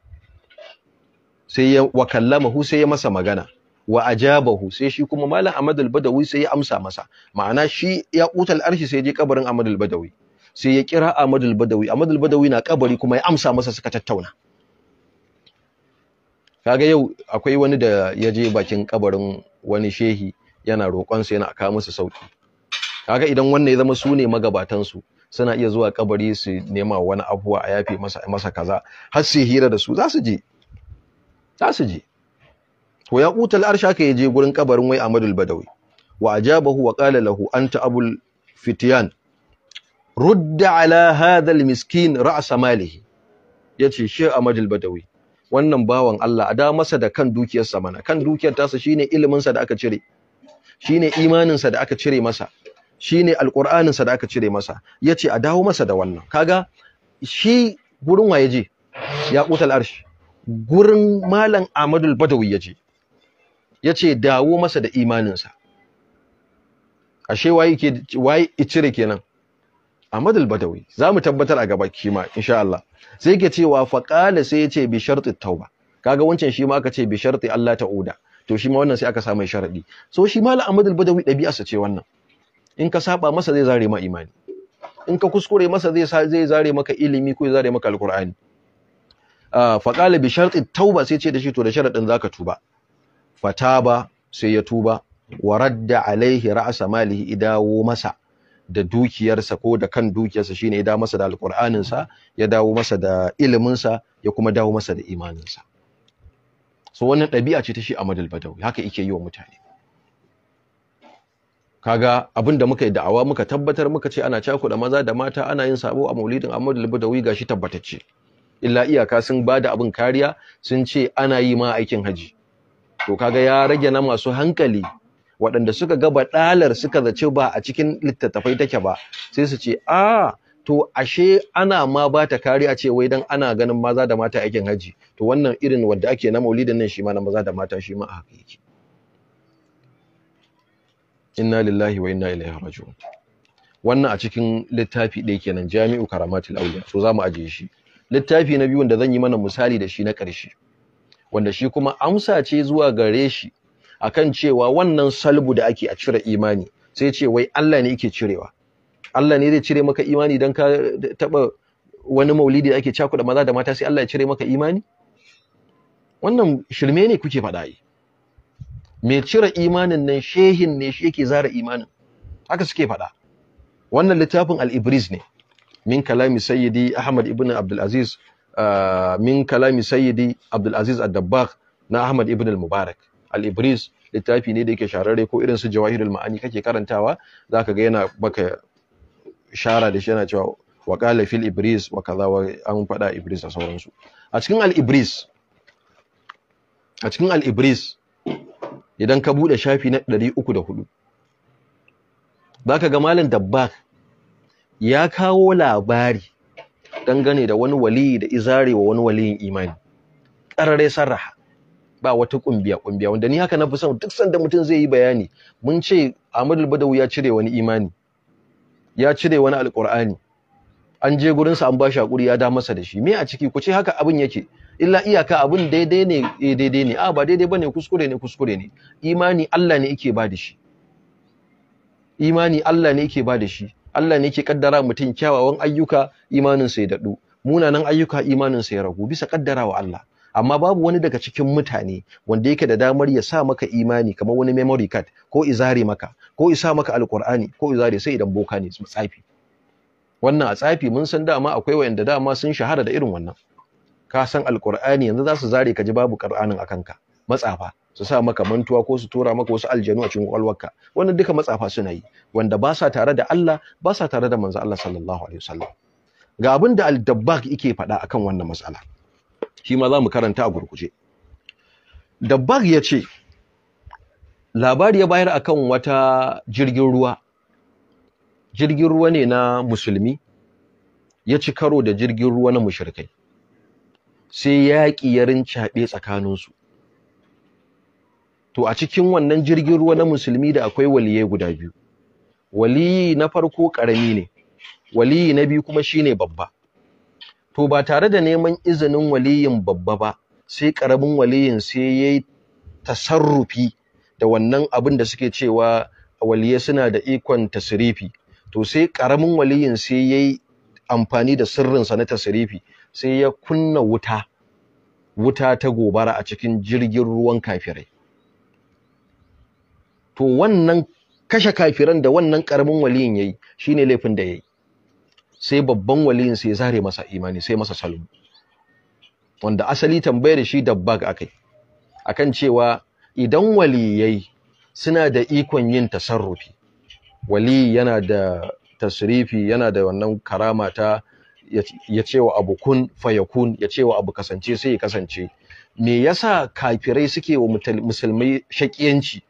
sai ya wa kallamahu sai ya masa magana wa ajabahu sai shi kuma malam ahmad al-badawi sai ya amsa masa ma'ana shi ya kutal arshi sai ya je kabarin ahmad al-badawi sai ya kira ahmad al-badawi ahmad al-badawi na kabari kuma ya amsa masa suka tattauna kaga yau akwai wani da ya je bakin kabarin wani shehi yana roƙon yana kawo musu sauki kaga idan wannan ya zama su ne magabatan su suna iya zuwa kabari su nema wani abuwa a yafe masa masa kaza har su hira da su za su je za su je to ya kutal arsha ka je gurin kabarin wai Ahmadul Badawi wa ajabahu wa qala lahu anta abul fitiyan rudda ala hadha al miskin ra's malihi yace shi Ahmadul Badawi wannan bawan Allah a dawo masa da kan dukiyarsa mana kan dukiyar tasa shine ilimin sa da aka cire shine imaninsa da aka cire masa shine alqur'anin sa da aka cire masa yace a dawo masa da wannan kaga shi gurin waye je ya qutal arsh gurin malam Ahmadul Badawi yaje yace dawo masa da imanin sa ashe waye ke waye cire kenan Ahmad al-Badawi za mu tabbatar a gaba kima insha Allah sai yake cewa faqala sai yace bi shartit tauba kaga wancan shi ma aka ce bi sharti Allah uda to shi ma wannan sai aka samu sharadi so shi ma Ahmad al-Badawi sa ce wannan in ka saba masa zai zare ma imani in ka kuskure masa zai zai zare maka ilimi ko zare maka alqur'ani ah, faqala bi sharti tauba sai ce da shi to da sharadin zaka tuba fataba sai ya tuba wa radda alaihi ra'sa malihi idawo masa da dukiyarsa ko da kan dukiyarsa shine ya dawo masa da Alkur'aninsa, ya dawo masa da iliminsa ya kuma dawo masa da imaninsa so wannan ɗabi'a ce ta shi Ahmad badawi haka yake yi wa mutane kaga abin da muka yi da'awa muka tabbatar muka ce ana da maza da mata ana yin sabo a maulidin Ahmad al-Badawi gashi tabbatacce illa iyaka sun ba da abin kariya sun ce ana yi ma aikin haji to kaga ya rage na masu hankali waɗanda suka ga baɗalar suka zace ba a cikin littattafai take ba sai su ce a to ashe ana ma ba ta kariya ce wai dan ana ganin maza da mata aikin haji to wannan irin wanda ake na maulidin nan shi ma na maza da mata shi ma a haka yake inna lillahi wa inna ilaihi raji'un wannan a cikin littafi ɗaya kenan jami'u karamatul auliya so zamu ajiye shi littafi na biyu wanda zan yi mana misali da shi na ƙarshe wanda shi kuma amsa ce zuwa gare shi akan cewa wannan salbu da ake a cire imani sai ce wai Allah ne yake cirewa Allah ne zai cire maka imani dan ka taba wani maulidi da ake da maza da mata sai Allah ya cire maka imani wannan shirme ne kuke faɗa yi mai cire imanin nan shehin ne shi yake zara imanin haka suke faɗa wannan littafin al-ibris ne min kalami sayyidi ahmad ibn abdul aziz ah, min kalami sayyidi abdul aziz ad-dabbagh na ahmad ibn al-mubarak al-ibris littafi ne da yake shararre ko irin su jawahirul ma'ani kake karantawa zaka ga yana baka shara da shi yana cewa wa qala fil ibris wa kaza wa an fada ibris da sauransu a cikin al-ibris a cikin al-ibris idan ka bude shafi na 304 zaka ga malam dabba ya kawo labari dangane da wani wali da wa wani waliyin imani ƙarare sarraha ba wata kumbiya kumbiya wanda ni haka na fi son duk sanda mutum zai yi bayani mun ce Ahmadu Badawi ya cire wani imani ya cire wani alqur'ani an je gurin sa an ba shi hakuri ya da masa da shi me a ciki ku ce haka abin yake illa iyaka abin daidai ne eh daidai ne a ba daidai bane kuskure ne kuskure ne imani Allah ne yake ba da shi imani Allah ne yake ba da shi Allah ne yake kaddara mutum kyawawan ayyuka imanin sa ya dadu munanan ayyuka imanin sa ya ragu bisa wa Allah amma babu wani daga cikin mutane wanda yake da damar ya sa maka imani kamar wani memory card ko izare maka ko isa maka alkur'ani ko izare sai idan boka ne su tsafi wannan a tsafi mun san dama akwai wayanda dama sun shahara da irin wannan ka san alkur'ani yanzu za su zare ka ji babu qur'anin akan ka matsafa su sa maka mantuwa ko su tura maka wasu aljanu a cikin kwalwarka wannan duka matsafa suna yi wanda ba sa tare da Allah ba sa tare da manzo Allah sallallahu alaihi wasallam ga abin da al-dabbaq yake faɗa akan wannan matsala shi ma za mu karanta a gurguje dabbar ya ce labari ya bayar a kan wata jirgin ruwa jirgin ruwa ne na musulmi ya ci karo da jirgin ruwa na mushrikai sai yaƙi ya rincaɓe tsakaninsu to a cikin wannan jirgin ruwa na musulmi da akwai waliyai guda biyu waliyi na farko ƙarami ne waliyi na biyu kuma shine babba to ba tare da neman izinin waliyin babba ba sai karamin waliyin sai yayi tasarrufi da wannan abin da suke cewa waliye suna da ikon tasirifi, to sai karamin waliyin sai yayi amfani da sirrinsa na tasirifi, sai ya kunna wuta wuta ta gobara a cikin jirgin ruwan kafirai to wannan kashe kafiran da wannan karamin waliyin yayi shine laifin da yayi sai babban waliyin sai zare masa imani sai masa salmu wanda asali tambayar shi dabbag akai akan cewa idan waliyai suna da ikon yin tasarrufi wali yana da tasrifi yana da wannan karama ta ya cewa abu kun fayakun ya cewa abu kasance sai ya kasance me yasa kafirai suke wa musulmai shakiyanci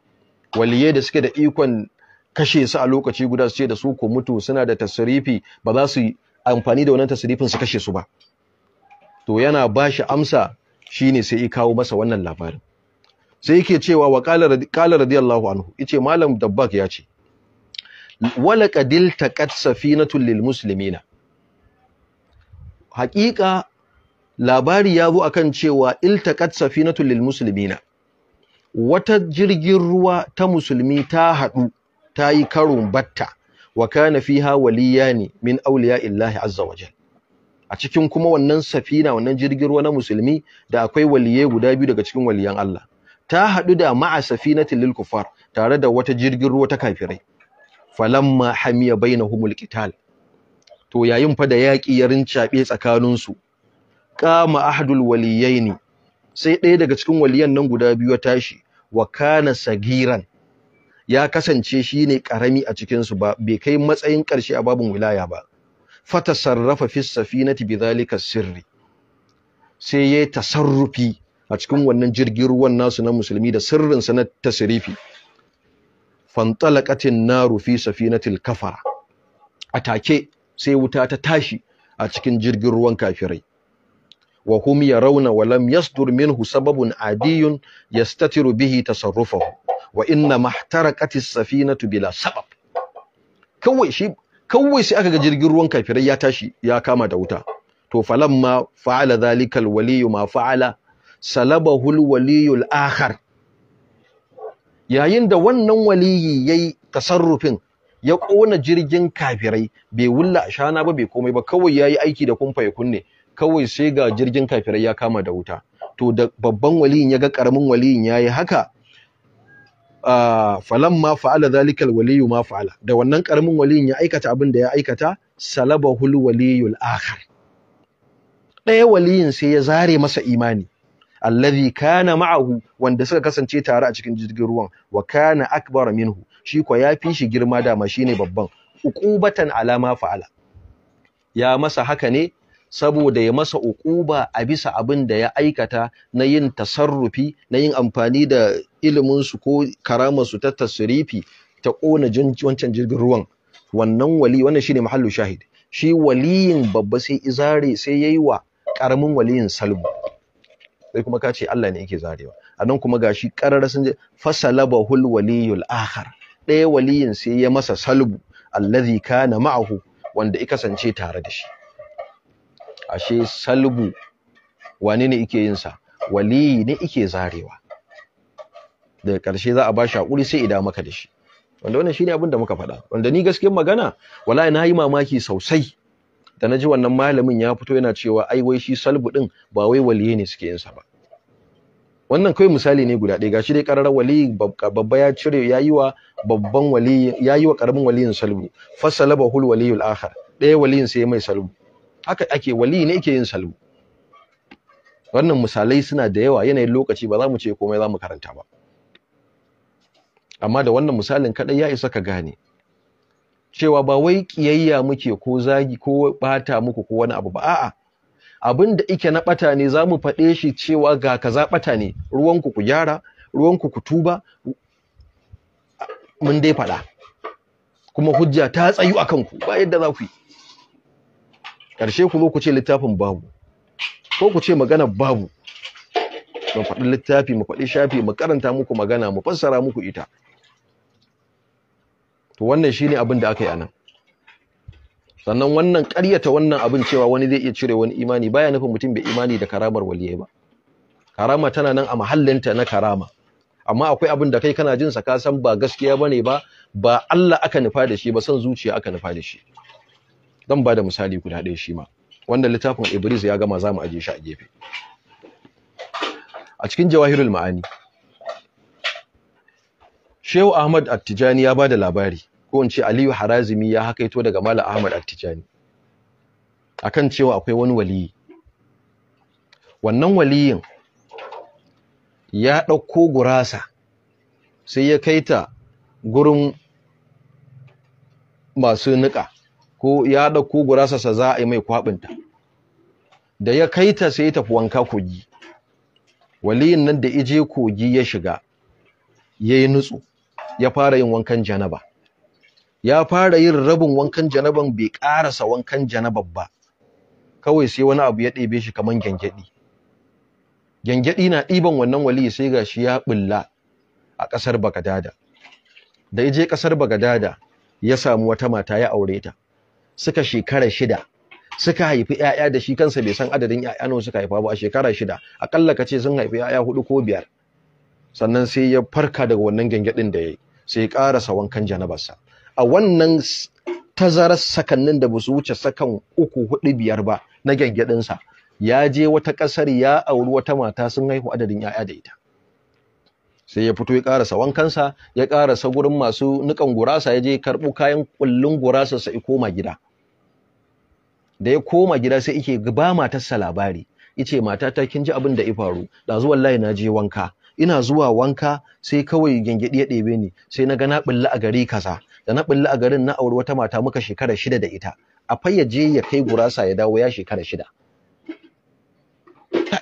waliyai da suke da ikon kashe su a lokaci guda su ce da su ko mutu suna da tasirifi ba za su amfani da wannan tasrifin su kashe su ba to yana ba shi amsa shine sai ya kawo masa wannan labarin sai yake cewa wa qala radiyallahu anhu yace malam dabbak ya ce wala qadil taqat safinatul lil muslimina haqiqa labari ya zo akan cewa iltaqat safinatul lil muslimina wata jirgin ruwa ta musulmi ta haɗu. ta yi karon batta wa kana fiha waliyani min illahi azza wa a cikin kuma wannan safina wannan jirgin ruwa na musulmi da akwai waliyai guda biyu daga cikin waliyan Allah ta haɗu da ma'a safinatin lil kufar tare da wata jirgin ruwa ta kafirai falamma hamiya bainahumul qital to yayin fa da yaki ya rincabe tsakanin su qama ahadul waliyaini sai ɗaya daga cikin waliyan nan guda biyu ya tashi wa kana sagiran ya kasance shine karami a cikinsu ba bai kai matsayin ƙarshe a babun wilaya ba sarrafa fi safinati zalika sirri sai yayi tasarrufi a cikin wannan jirgin ruwan nasu na musulmi da sirrin sa na tasrifi fantalaqatin naru fi safinatil kafara atake sai wuta ta tashi a cikin jirgin ruwan kafirai wa hum yarawna wa lam yasdur minhu sababun adiyun yastatiru bihi tasarrufahu wa inna mahtaraqatis safinatu bila sabab kawai shi kawai sai aka ga jirgin ruwan kafirai ya tashi ya kama da wuta to falamma fa'ala zalikal waliyu ma fa'ala salabahul waliyul akhar yayin da wannan waliyi yayi tasarrufin ya kona jirgin kafirai bai wulla shana ba bai komai ba kawai yayi aiki da kumfa ya kunne kawai sai ga jirgin kafirai ya kama da wuta to da babban waliyin ya ga karamin waliyin yayi haka falamma fa'ala zalikal waliyu ma fa'ala da wannan karamin waliyin ya aikata abin da ya aikata salabahul waliyul akhar ɗaya waliyin sai ya zare masa imani alladhi kana ma'ahu wanda suka kasance tare a cikin jirgin ruwan wa kana akbar minhu shi ko ya fi shi girma dama shine babban uqubatan alama fa'ala ya masa haka ne saboda ya masa uquba a bisa abin da ya aikata na yin tasarrufi na yin amfani da iliminsu ko karamarsu ta tasrifi ta kona wancan jirgin ruwan wannan wali wannan shine mahallu shahid shi waliyin babba sai izare sai yayi wa karamin waliyin salmu sai kuma kace Allah ne yake zarewa anan kuma gashi karara sun je fasalabahul waliyul akhar ɗaya waliyin sai ya masa salbu allazi kana ma'ahu wanda ya kasance tare da shi ashe salbu wane ne yake yin sa waliyi ne yake zarewa daga karshe za a ba shi hakuri sai ida maka da shi wanda wannan shine abin da muka faɗa wanda ni gaskiyar magana wallahi na yi mamaki sosai da na ji wannan malamin ya fito yana cewa ai wai shi salbu din ba wai waliye ne suke yinsa ba wannan kai misali ne guda ɗaya gashi dai ƙararrar wali babba ya cire ya yi wa babban wali ya yi wa ƙaramin waliyin salbu fasalaba hul waliyul akhar ɗaya waliyin sai mai salbu haka ake wali ne yake yin salbu wannan misalai suna da yawa yanayin lokaci ba za mu ce komai za mu karanta ba amma da wannan misalin kaɗai ya isa ka gane cewa ba wai kiyayya muke ko zagi ko bata muku ko wani abu ba a'a abin da ike na bata ne zamu mu shi cewa ga kaza bata ne ruwanku ku gyara ruwanku ku tuba mun dai faɗa kuma hujja ta tsayu a kanku ba yadda za ku yi ƙarshe ku zo ku ce littafin babu ko ku ce magana babu mu faɗi littafi mu faɗi shafi mu karanta muku magana mu fassara muku ita to wannan shine abin da aka yi anan sannan wannan ƙaryata wannan abin cewa wani zai iya cire wani imani baya nufin mutum bai imani da karamar waliyai ba karama tana nan a mahallinta na karama amma akwai abin da kai kana jin sa ka san ba gaskiya bane ba ba Allah aka nufa da shi ba san zuciya aka nufa da shi dan ba da misali guda ɗaya shi ma wanda littafin Ibris ya gama zamu aje shi a gefe a cikin Jawahirul Ma'ani Shehu Ahmad At-Tijani ya bada labari ko in ce Aliyu Harazimi ya hakaito daga Malam Ahmad Attijani akan cewa akwai wani waliyi wannan waliyin ya ɗauko gurasa sai ya kai gurin masu niƙa ko ya ɗauko gurasa sa za a yi mai kwaɓinta da ya kaita sai ya tafi wanka kogi waliyin nan da ije kogi ya shiga ya yi nutsu ya fara yin wankan janaba ya fara yin rabin wankan janaban bai karasa wankan janabar ba kawai sai wani abu ya ɗebe shi kaman gyangyaɗi gyangyaɗi na ɗiban wannan wali sai gashi ya bulla a ƙasar bagadada da ya je ƙasar bagadada ya samu wata mata ya aure ta suka shekara shida suka haifi ‘ya'ya da shi kansa bai san adadin ‘ya'ya nawa suka haifa ba a shekara shida aƙalla ka ce sun haifi ‘ya'ya hudu ko biyar sannan sai ya farka daga wannan gyangyaɗin da ya yi sai ya ƙarasa wankan janabarsa a wannan tazarar sakannin da ba su wuce sakan uku hudu biyar ba na gyangyaɗinsa ya je wata ƙasar ya auri wata mata sun haihu adadin ‘ya'ya da ita sai ya fito ya ƙarasa wankansa ya ƙarasa gurin masu niƙan gurasa ya je karɓo kayan ƙullun gurasa sa ya koma gida da ya koma gida sai ike ba matarsa labari mata ta, kin ji abin da ya faru da zuwa wallahi na je wanka ina zuwa wanka sai kawai gyangyaɗi ya ɗebe ni sai na ga na ɓulla a gari kaza da na bulla a garin na auri wata mata muka shekara shida da ita a fayyaje ya kai gurasa ya dawo ya shekara shida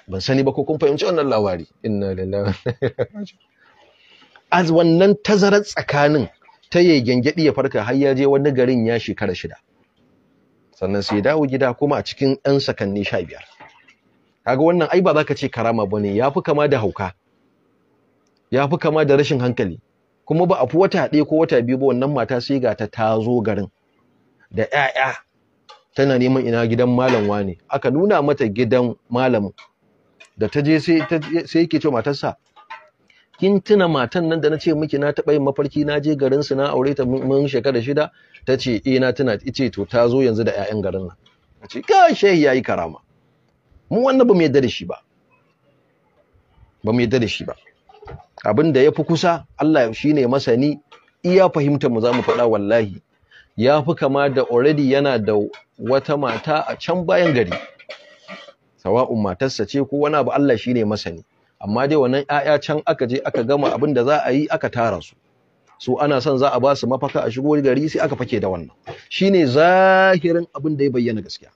ban sani ba ko kun fahimci wannan labari inna lillahi az wannan tazarar tsakanin ta yi gengedi ya farka har ya je wani garin ya shekara shida sannan sai dawo gida kuma a cikin 'yan sakanni sha biyar kaga wannan ai ba za ka ce karama ba ne ya fi kama da hauka ya fi kama da rashin hankali kuma ba a fi wata ɗaya ko wata biyu ba wannan mata sai ga ta ta zo garin da ƴaƴa tana neman ina gidan malam wane aka nuna mata gidan malam da ta je sai sai yake cewa matarsa kin tuna matan nan da nace ce miki na taɓa yin mafarki na je garin su na aure ta mun shekara shida ta ce eh na tuna ce to ta zo yanzu da ƴaƴan garin nan ta ce ka shehi yayi karama mu wannan ba mu yarda da shi ba ba mu yarda da shi ba abin da ya fi kusa Allah shi ne masani iya fahimta mu za mu faɗa wallahi ya fi kama da already yana da wata mata a can bayan gari sawa'un matarsa ce ko wani abu Allah shi ne masani amma dai wannan 'ya'ya can aka je aka gama abin da za a yi aka tara su su ana son za a ba su mafaka a shigo gari sai aka fake da wannan Shi ne zahirin abin da ya bayyana gaskiya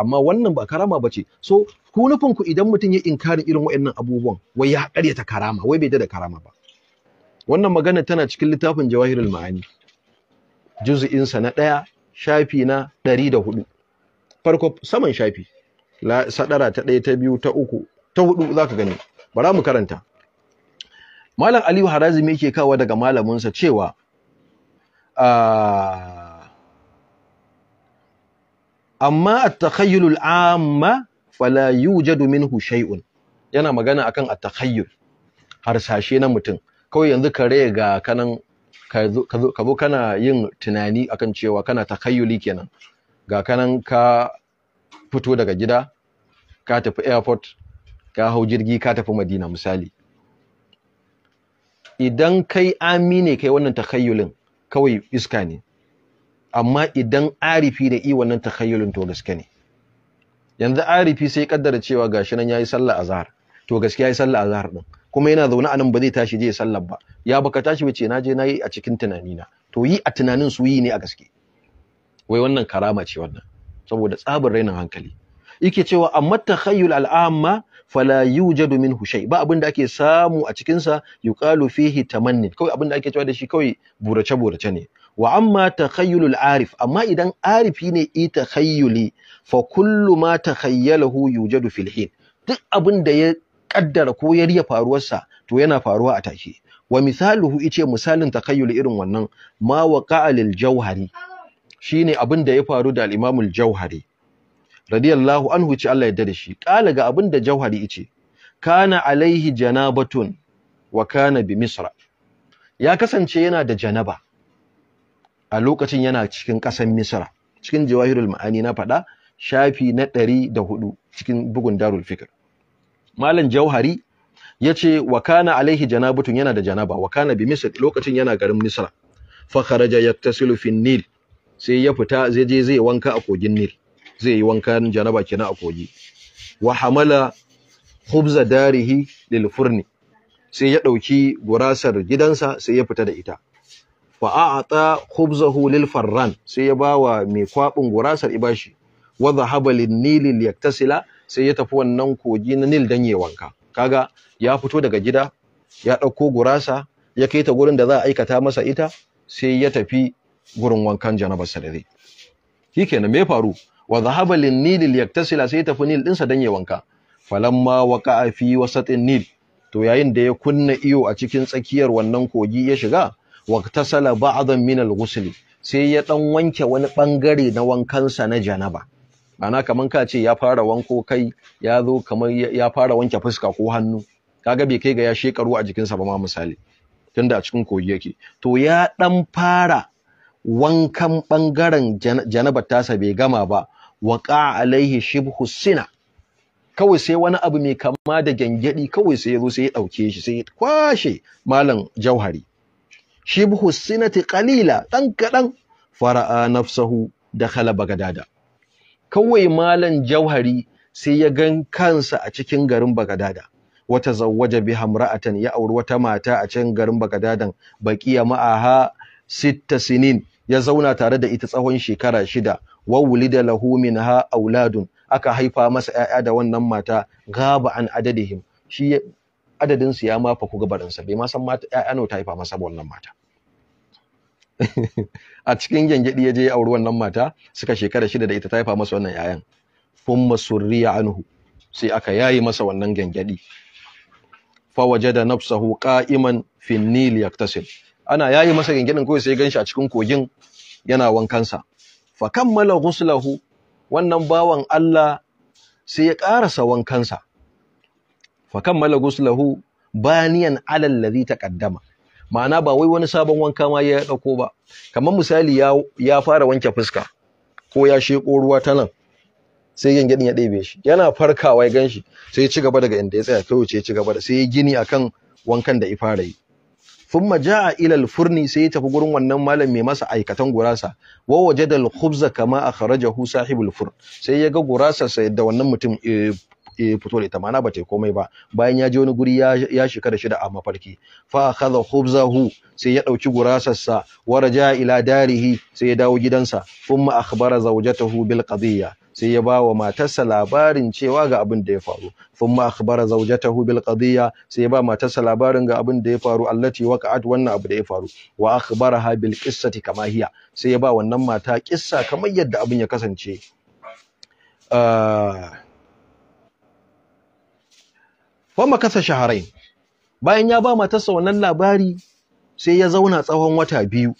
amma wannan ba karama ba ce so ku nufin ku idan mutum ya inkarin irin waɗannan abubuwan wai ya ta karama wai bai da karama ba wannan magana tana cikin littafin jawahirul ma'ani juz'in sa na ɗaya shafi na ɗari da hudu farko saman shafi la sadara ta ɗaya ta biyu ta uku ta hudu zaka gani bara mu karanta malam aliyu harazimi yake kawo daga malaminsa cewa a ah, amma at-takhayyulul amma fala yujadu minhu shay'un yana magana akan at-takhayyul harsashe na mutum kawai yanzu kare ga kanan ka zo kana yin tunani akan cewa kana takhayyuli kenan ga kanan ka fito daga gida ka tafi airport ka hau jirgi ka tafi madina misali idan kai amine kai wannan takhayyulin kawai iska ne amma idan arifi da i wannan takhayyulin to gaske ne yanzu arifi sai kaddara cewa gashi nan yayi sallah azhar to gaskiya yayi sallah azhar din kuma yana zaune anan ba zai tashi je sallar ba ya baka tashi bace na je nayi a cikin tunani na to yi a tunanin su yi ne a gaske wai wannan karama ce wannan saboda tsabin rainin hankali yake cewa amma takhayyul al'amma fala yujadu minhu shay ba abin da ake samu a cikin sa yuqalu fihi tamanni kawai abin da ake cewa da shi kawai burace burace ne wa amma takhayyulul arif amma idan arifi ne i takhayyuli fa kullu ma takhayyalahu yujadu fil hin duk abin da ya kaddara ko ya riya faruwarsa to yana faruwa a take wa misaluhu ice misalin takhayyul irin wannan ma waqa'a lil jawhari shine abin da ya faru da al-imamul jawhari radiyallahu anhu ce Allah ya dade shi kala ga abin da jawhari ice kana alaihi janabatun wa kana bi misra ya kasance yana da janaba a lokacin yana cikin ƙasar misra cikin jawahirul ma'ani na faɗa shafi na ɗari da hudu cikin bugun darul fikir malam jauhari ya ce wa kana alaihi janabutun yana da janaba wa kana bi misr lokacin yana garin misra fa kharaja yattasilu fi nil sai ya fita zai je zai wanka a kogin nil zai yi wankan janaba kina a kogi wa hamala khubza darihi lil furni sai ya dauki gurasar gidansa sai ya fita da ita fa a'ata khubzahu lil farran sai ya bawa mai kwaɓin gurasar ibashi wa dhahaba Nilin Yaktasila sai ya tafi wannan kogi na nil dan wanka kaga ya fito daga gida ya ɗauko gurasa ya kai ta gurin da za a aikata masa ita sai ya tafi gurin wankan jana'bar janaba sadare shikenan me faru wa dhahaba lin nil Yaktasila sai ya tafi nil dinsa dan wanka falamma waqa'a fi wasatin nil to yayin da ya kunna iyo a cikin tsakiyar wannan kogi ya shiga waqtasala ba'dan min al-ghusl sai ya dan wanke wani bangare na wankansa na janaba ana kaman ka ce ya fara wanko kai ya zo kaman ya fara wanke fuska ko hannu kaga bai kai ga ya shekaru a jikinsa ba ma misali tunda a cikin kogi yake to ya dan fara wankan bangaren janabar tasa bai gama ba waqa alaihi shibhu sina kawai sai wani abu mai kama da gyangyaɗi kawai sai ya sai ya ɗauke shi sai ya kwashe malam jauhari shibhu sinati qalila dan kadan fara'a nafsahu dakhala bagadada kawai malan jauhari sai ya gan kansa a cikin garin bagadada wata zawwaja biha imra'atan ya auri wata mata a cikin garin bagadadan baqiya ma'aha sitta sinin ya zauna tare da ita tsawon shekara shida wa wulida lahu minha auladun aka haifa masa ƴaƴa da wannan mata gaba an adadihim shi adadin su ya mafa ku gabarinsa bai ma san mata ƴaƴa no ta haifa masa wannan mata a cikin gyangyaɗi ya je ya auri wannan mata suka shekara shida da ita ta haifa masa wannan yayan Fun surriya anhu sai aka yayi masa wannan gyangyaɗi fa wajada nafsahu qa'iman fi an-nil yaktasil ana yayi masa gyangyaɗin kawai sai ganshi a cikin kogin yana wankansa fa kammala ghuslahu wannan bawan Allah sai ya ƙarasa wankansa fa kammala ghuslahu baniyan alal ta taqaddama ma'ana ba wai wani sabon wanka ma ya dauko ba kamar misali ya ya fara wanke fuska ko ya sheko ruwa ta nan sai yin gidin ya ɗebe shi yana farkawa ya ganshi sai ya ci gaba daga inda ya tsaya kai wuce ya ci gaba da sai ya gini akan wankan da ya fara yi thumma jaa ila al-furni sai ya tafi gurin wannan malam mai masa aikatan gurasa wa wajada al-khubza kama akhrajahu sahibul furn sai ya ga gurasa sai da wannan mutum eh, ya eh, fito da ita mana ba ta komai ba bayan ya je wani guri ya da shida a mafarki fa akhadha khubzahu sai ya dauki gurasarsa wa ila darihi sai ya dawo gidansa umma akhbara zawjatahu bil qadiyya sai ya ba wa matarsa labarin cewa ga abin da ya faru thumma akhbara zawjatahu bil qadiyya sai ya ba matarsa labarin ga abin da ya faru allati waqa'at wannan abu da ya faru wa akhbaraha bil qissati kama hiya sai ya ba wannan mata kissa kamar yadda abin ya kasance uh, Famma makasa shaharain bayan ya ba matarsa wannan labari sai ya zauna tsawon wata biyu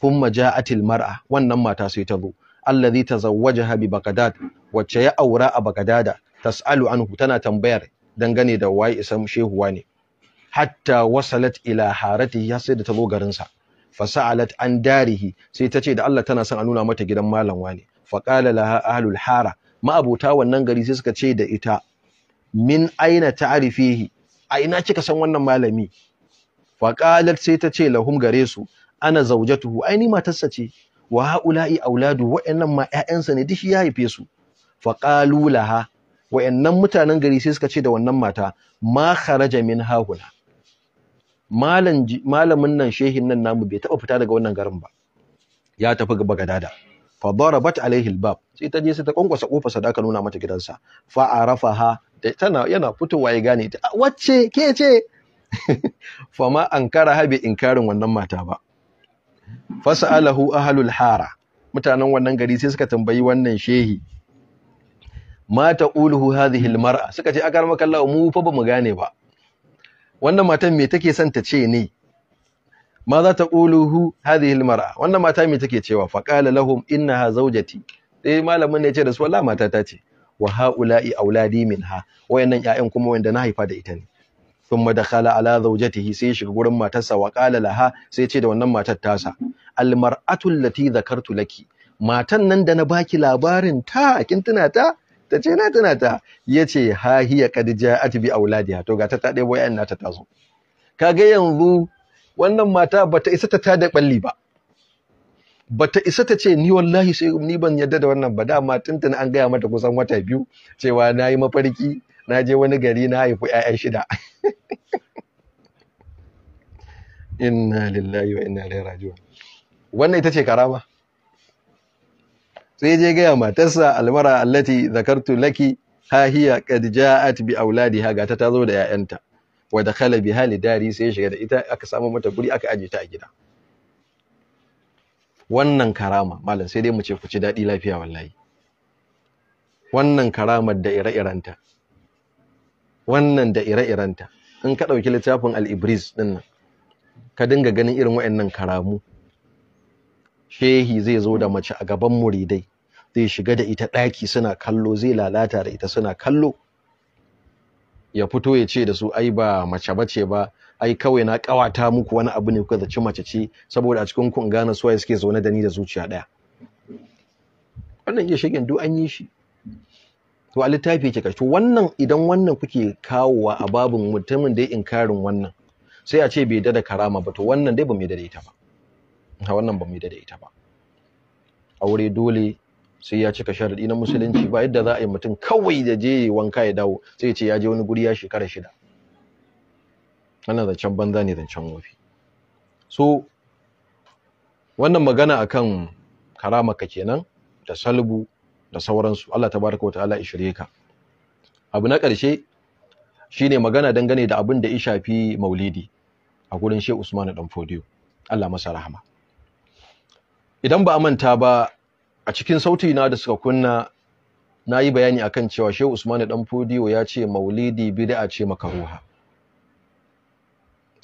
thumma ja'atil mar'a wannan mata sai ta zo allazi tazawwajaha bi bagdad wacce ya aura a bagdada tas'alu anhu tana tambayar dangane da waye isam shehuwa ne hatta wasalat ila harati har sai da ta zo garin sa fasa'alat an darihi sai ta ce da Allah tana son a nuna mata gidan malam wani faqala laha ahlul hara ma'abuta wannan gari sai suka ce da ita min aina ta'rifihi a ina kika san wannan malami faqalat sai ta ce lahum gare su ana zaujatuhu ai ni matarsa ce wa haula'i auladu wa'annan ma ƴaƴansa ne dishi ya haife su faqalu laha wa'annan mutanen gari sai suka ce da wannan mata ma kharaja min hahuna malamin nan shehin nan namu bai taba fita daga wannan garin ba ya tafi gaba bagadada fa darabat alaihi albab sai ta je sai ta kwankwasa kofar sadaka nuna mata gidansa fa arafaha tana yana fitowa ya gane ta ah, wacce ke ce fama an kara habi inkarin wannan mata ba fasalahu ahlul hara mutanen wannan gari sai suka tambayi wannan shehi mata uluhu hadhihi almar'a suka ce akar makallahu mu fa bamu gane ba wannan matan me take son ta ce ne ma za ta uluhu hadhihi almar'a wannan mata me take cewa qala lahum innaha zawjati sai malamin ne ya ce da su wallahi mata ta ce wa haula'i auladi minha wayannan ƴaƴan kuma wanda na haifa da ita ne thumma dakhala ala zawjatihi sai shiga gurin matarsa wa qala laha sai ce da wannan matar tasa al mar'atu allati dhakartu laki matan nan da na baki labarin ta kin tuna ta tace na tuna ta yace ha hiya qad ja'at bi auladiha to ga ta ta dai wayannan nata tazo kaga yanzu wannan mata bata isa ta tada balli ba bata isa ta ce ni wallahi sai ni ban yadda da wannan ba dama tuntun an gaya mata kusan wata biyu cewa na yi mafarki na je wani gari na haifi 'ya'yan shida inna lillahi wa inna ilaihi raji'un wannan ita ce karama sai je gaya matarsa almara allati zakartu laki ha hiya qad ja'at bi auladiha gata ta zo da 'ya'yanta wa dakhala biha dari sai shiga da ita aka samu mata guri aka aje ta a gida wannan karama malam sai dai mu ce ku ci daɗi lafiya wallahi wannan karamar da ire-irenta wannan da ire-irenta in ka ɗauki littafin al'ibris ɗin nan ka dinga ganin irin wa'annan karamu shehi zai zo da mace a gaban muridai zai shiga da ita ɗaki suna kallo zai lalata da ita suna kallo ya fito ya ce da su ai ba mace bace ba ai kawai na kawata muku wani abu ne kuka zaci mace ce saboda a cikin ku gane suwa suke zaune da ni da zuciya daya wannan iya shigen duk an yi shi to a littafi yake to wannan idan wannan kuke kawowa a babin mutumin da ya inkarin wannan sai a ce bai da karama ba to wannan dai ba mai da ita ba ha wannan ba mai da ita ba aure dole sai ya cika sharadi na musulunci ba yadda za a yi mutum kawai da je wanka ya dawo sai ya ce ya je wani guri ya shekara shida wannan zancen banza ne zancen wofi so wannan magana akan karamaka kenan da salbu da sauransu Allah tabaraka ta'ala ya shirye ka abu na ƙarshe shine magana dangane da abin da ya shafi maulidi a gurin Sheikh Usman dan Allah masa rahama idan ba a manta ba a cikin sauti na da suka kunna na yi bayani akan cewa Sheikh Usman dan Fodiyo ya ce maulidi bid'a ce makaruha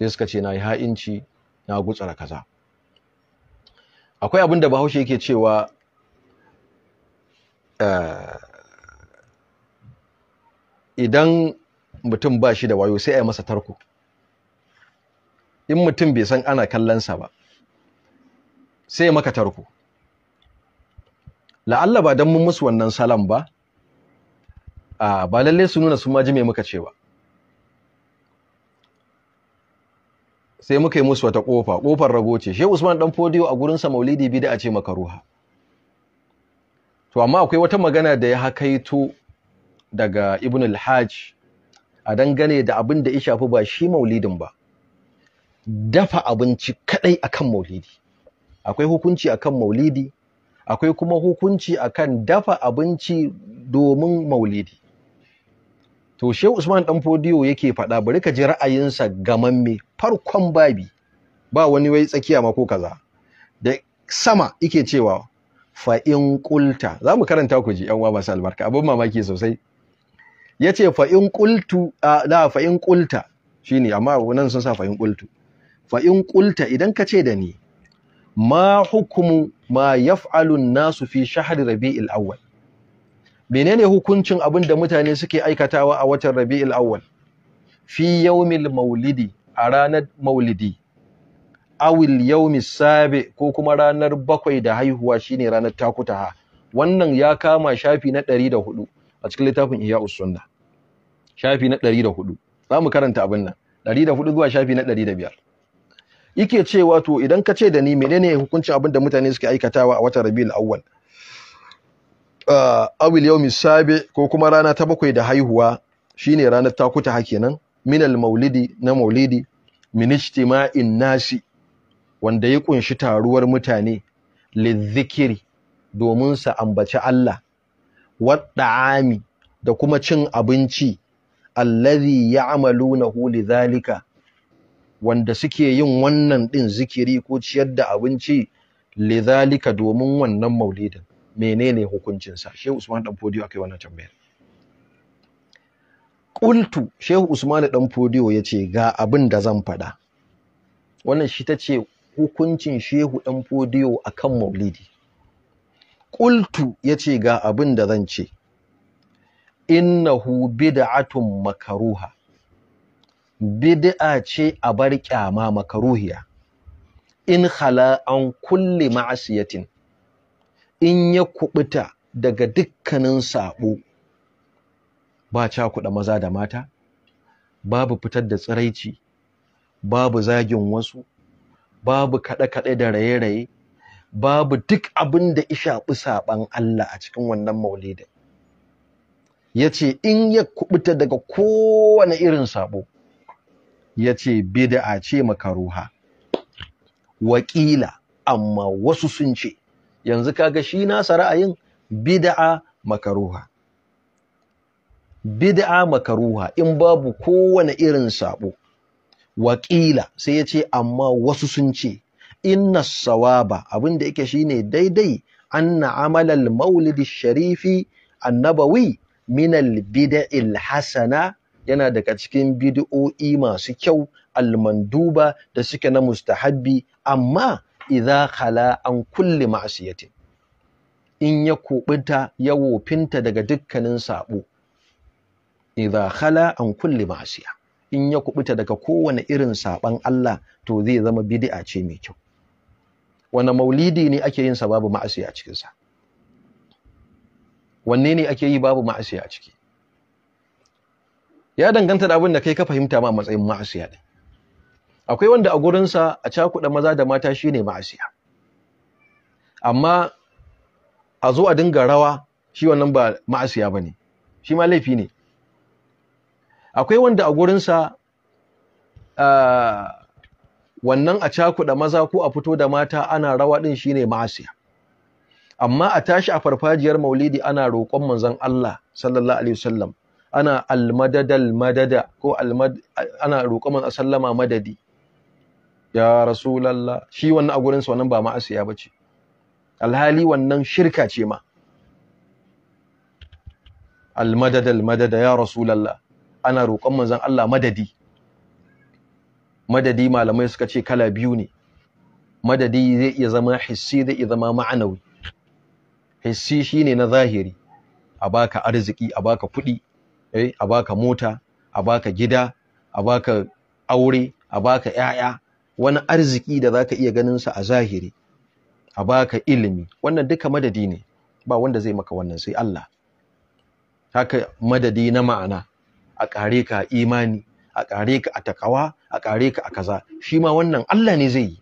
sai suka ce na yi ha'inci na gutsara kaza akwai abin da bahaushe yake cewa eh, idan mutum ba shi da wayo sai a yi masa tarko in mutum bai san ana kallonsa ba sai maka tarko la'alla ba don mun musu wannan salam ba ah, ba lallai su nuna su ma ji mai muka cewa sai muka yi musu wata ƙofa, ƙofar rago ce shi usman ɗan fodiyo a gurinsa maulidi da a ce makaruha to amma akwai wata magana da ya hakaito daga ibn al-hajj a dangane da abin da ya shafi ba shi maulidin ba dafa abinci kadai akan maulidi akwai hukunci akan maulidi akwai kuma hukunci akan dafa abinci domin maulidi to she usman dan fodiyo yake faɗa bari ka ji ra'ayinsa me farkon babi ba wani wai tsakiya ma ko kaza da sama yake cewa fa in qulta za karanta ku ji yan uwa masu albarka abin mamaki sosai yace fa in qultu la fa in qulta shine amma nan sun sa fa in qultu fa in qulta idan ka ce da ni ma hukumu ma yaf'alu an-nasu fi shahri rabi'il awwal menene hukuncin abin da mutane suke aikatawa a watan Rabi'ul Awwal fi yawmil maulidi a ranar maulidi awil yawmi sabi ko kuma ranar bakwai da haihuwa shine ranar takutaha wannan ya kama shafi na 104 a cikin littafin iya usunna shafi na 104 zamu karanta abin nan 104 zuwa shafi na 105 yake cewa to idan ka ce da ni menene hukuncin abin da mutane suke aikatawa a watan Rabi'ul Awwal Uh, awil yaumi sabi ko kuma rana ta bakwai da haihuwa shine ranar takuta hakenan minal maulidi na maulidi min ijtima'in nasi wanda ya kunshi taruwar mutane lizikiri domin sa ambaci Allah wadda'ami da kuma cin abinci allazi ya'malunahu lidhalika wanda suke yin wannan din zikiri ko ciyar da abinci lidhalika domin wannan maulidin menene hukuncinsa shehu usman dan podio akai wannan tambayar qultu shehu usman dan podio yace ga abin da zan faɗa wannan shi tace hukuncin shehu dan podio akan maulidi qultu yace ga abin da zan ce innahu bid'atun makaruha bid'a ce a bar kyama makaruhiya in khala an kulli ma'asiyatin in ya kubuta daga dukkanin saɓo ba cakuɗa maza da mata babu fitar da tsiraici babu zagin wasu babu kada kaɗe da raye-raye babu duk abin da ishaɓi saɓan Allah a cikin wannan maulidin Yace in ya kubuta daga kowane irin saɓo yace bida ce makaruha wakila amma wasu sun ce yanzu kaga shi nasa ra'ayin bid'a makaruha bid'a makaruha in babu kowane irin sabo waƙila sai yace amma wasu sun ce inna sawaba abin da yake shine daidai anna amalal maulidi sharifi annabawi minal bid'il hasana yana daga cikin bid'o'i masu kyau al-Manduba da suke na mustahabbi amma Iza khala an kulli ma'siyatin in ya kubinta ya wofinta daga dukkanin saɓo idza khala an kulli ma'asiya, in ya kubuta daga kowane irin saɓan Allah to zai zama bid'a ce mai kyau wani maulidi ne ake yin sa ma'asiya a cikin sa wanne ne ake yi babu ma'asiya a ciki ya danganta da abin da kai ka fahimta ma matsayin ma'asiya din akwai wanda a gurinsa a cakuɗa maza da mata shine ma'asiya amma a zo a dinga rawa shi wannan ba ma'asiya bane shi ma laifi ne akwai wanda a gurinsa wannan a cakuɗa maza ko a fito da mata ana rawa ɗin shine ma'asiya amma a tashi a farfajiyar maulidi ana roƙon manzon Allah sallallahu alaihi wasallam ana almadadal madada ko almad ana roƙon manzon sallama madadi ya rasulallah shi wannan a gurinsa wannan ba ma'asiya ba ce alhali wannan shirka ce ma almadad almadad ya rasulallah ana roƙon manzon Allah madadi madadi malamai suka ce kala biyu ne madadi zai iya zama hissi zai iya zama ma'anawi hissi shine na zahiri a baka arziki a baka kuɗi eh a baka mota a baka gida a baka aure a baka 'ya'ya wani arziki da zaka iya ganin sa a zahiri a baka ilimi wannan duka madadi ne ba wanda zai maka wannan sai Allah haka madadi na ma'ana a kare ka imani a kare ka a takawa a kare ka a kaza shi ma wannan Allah ne zai yi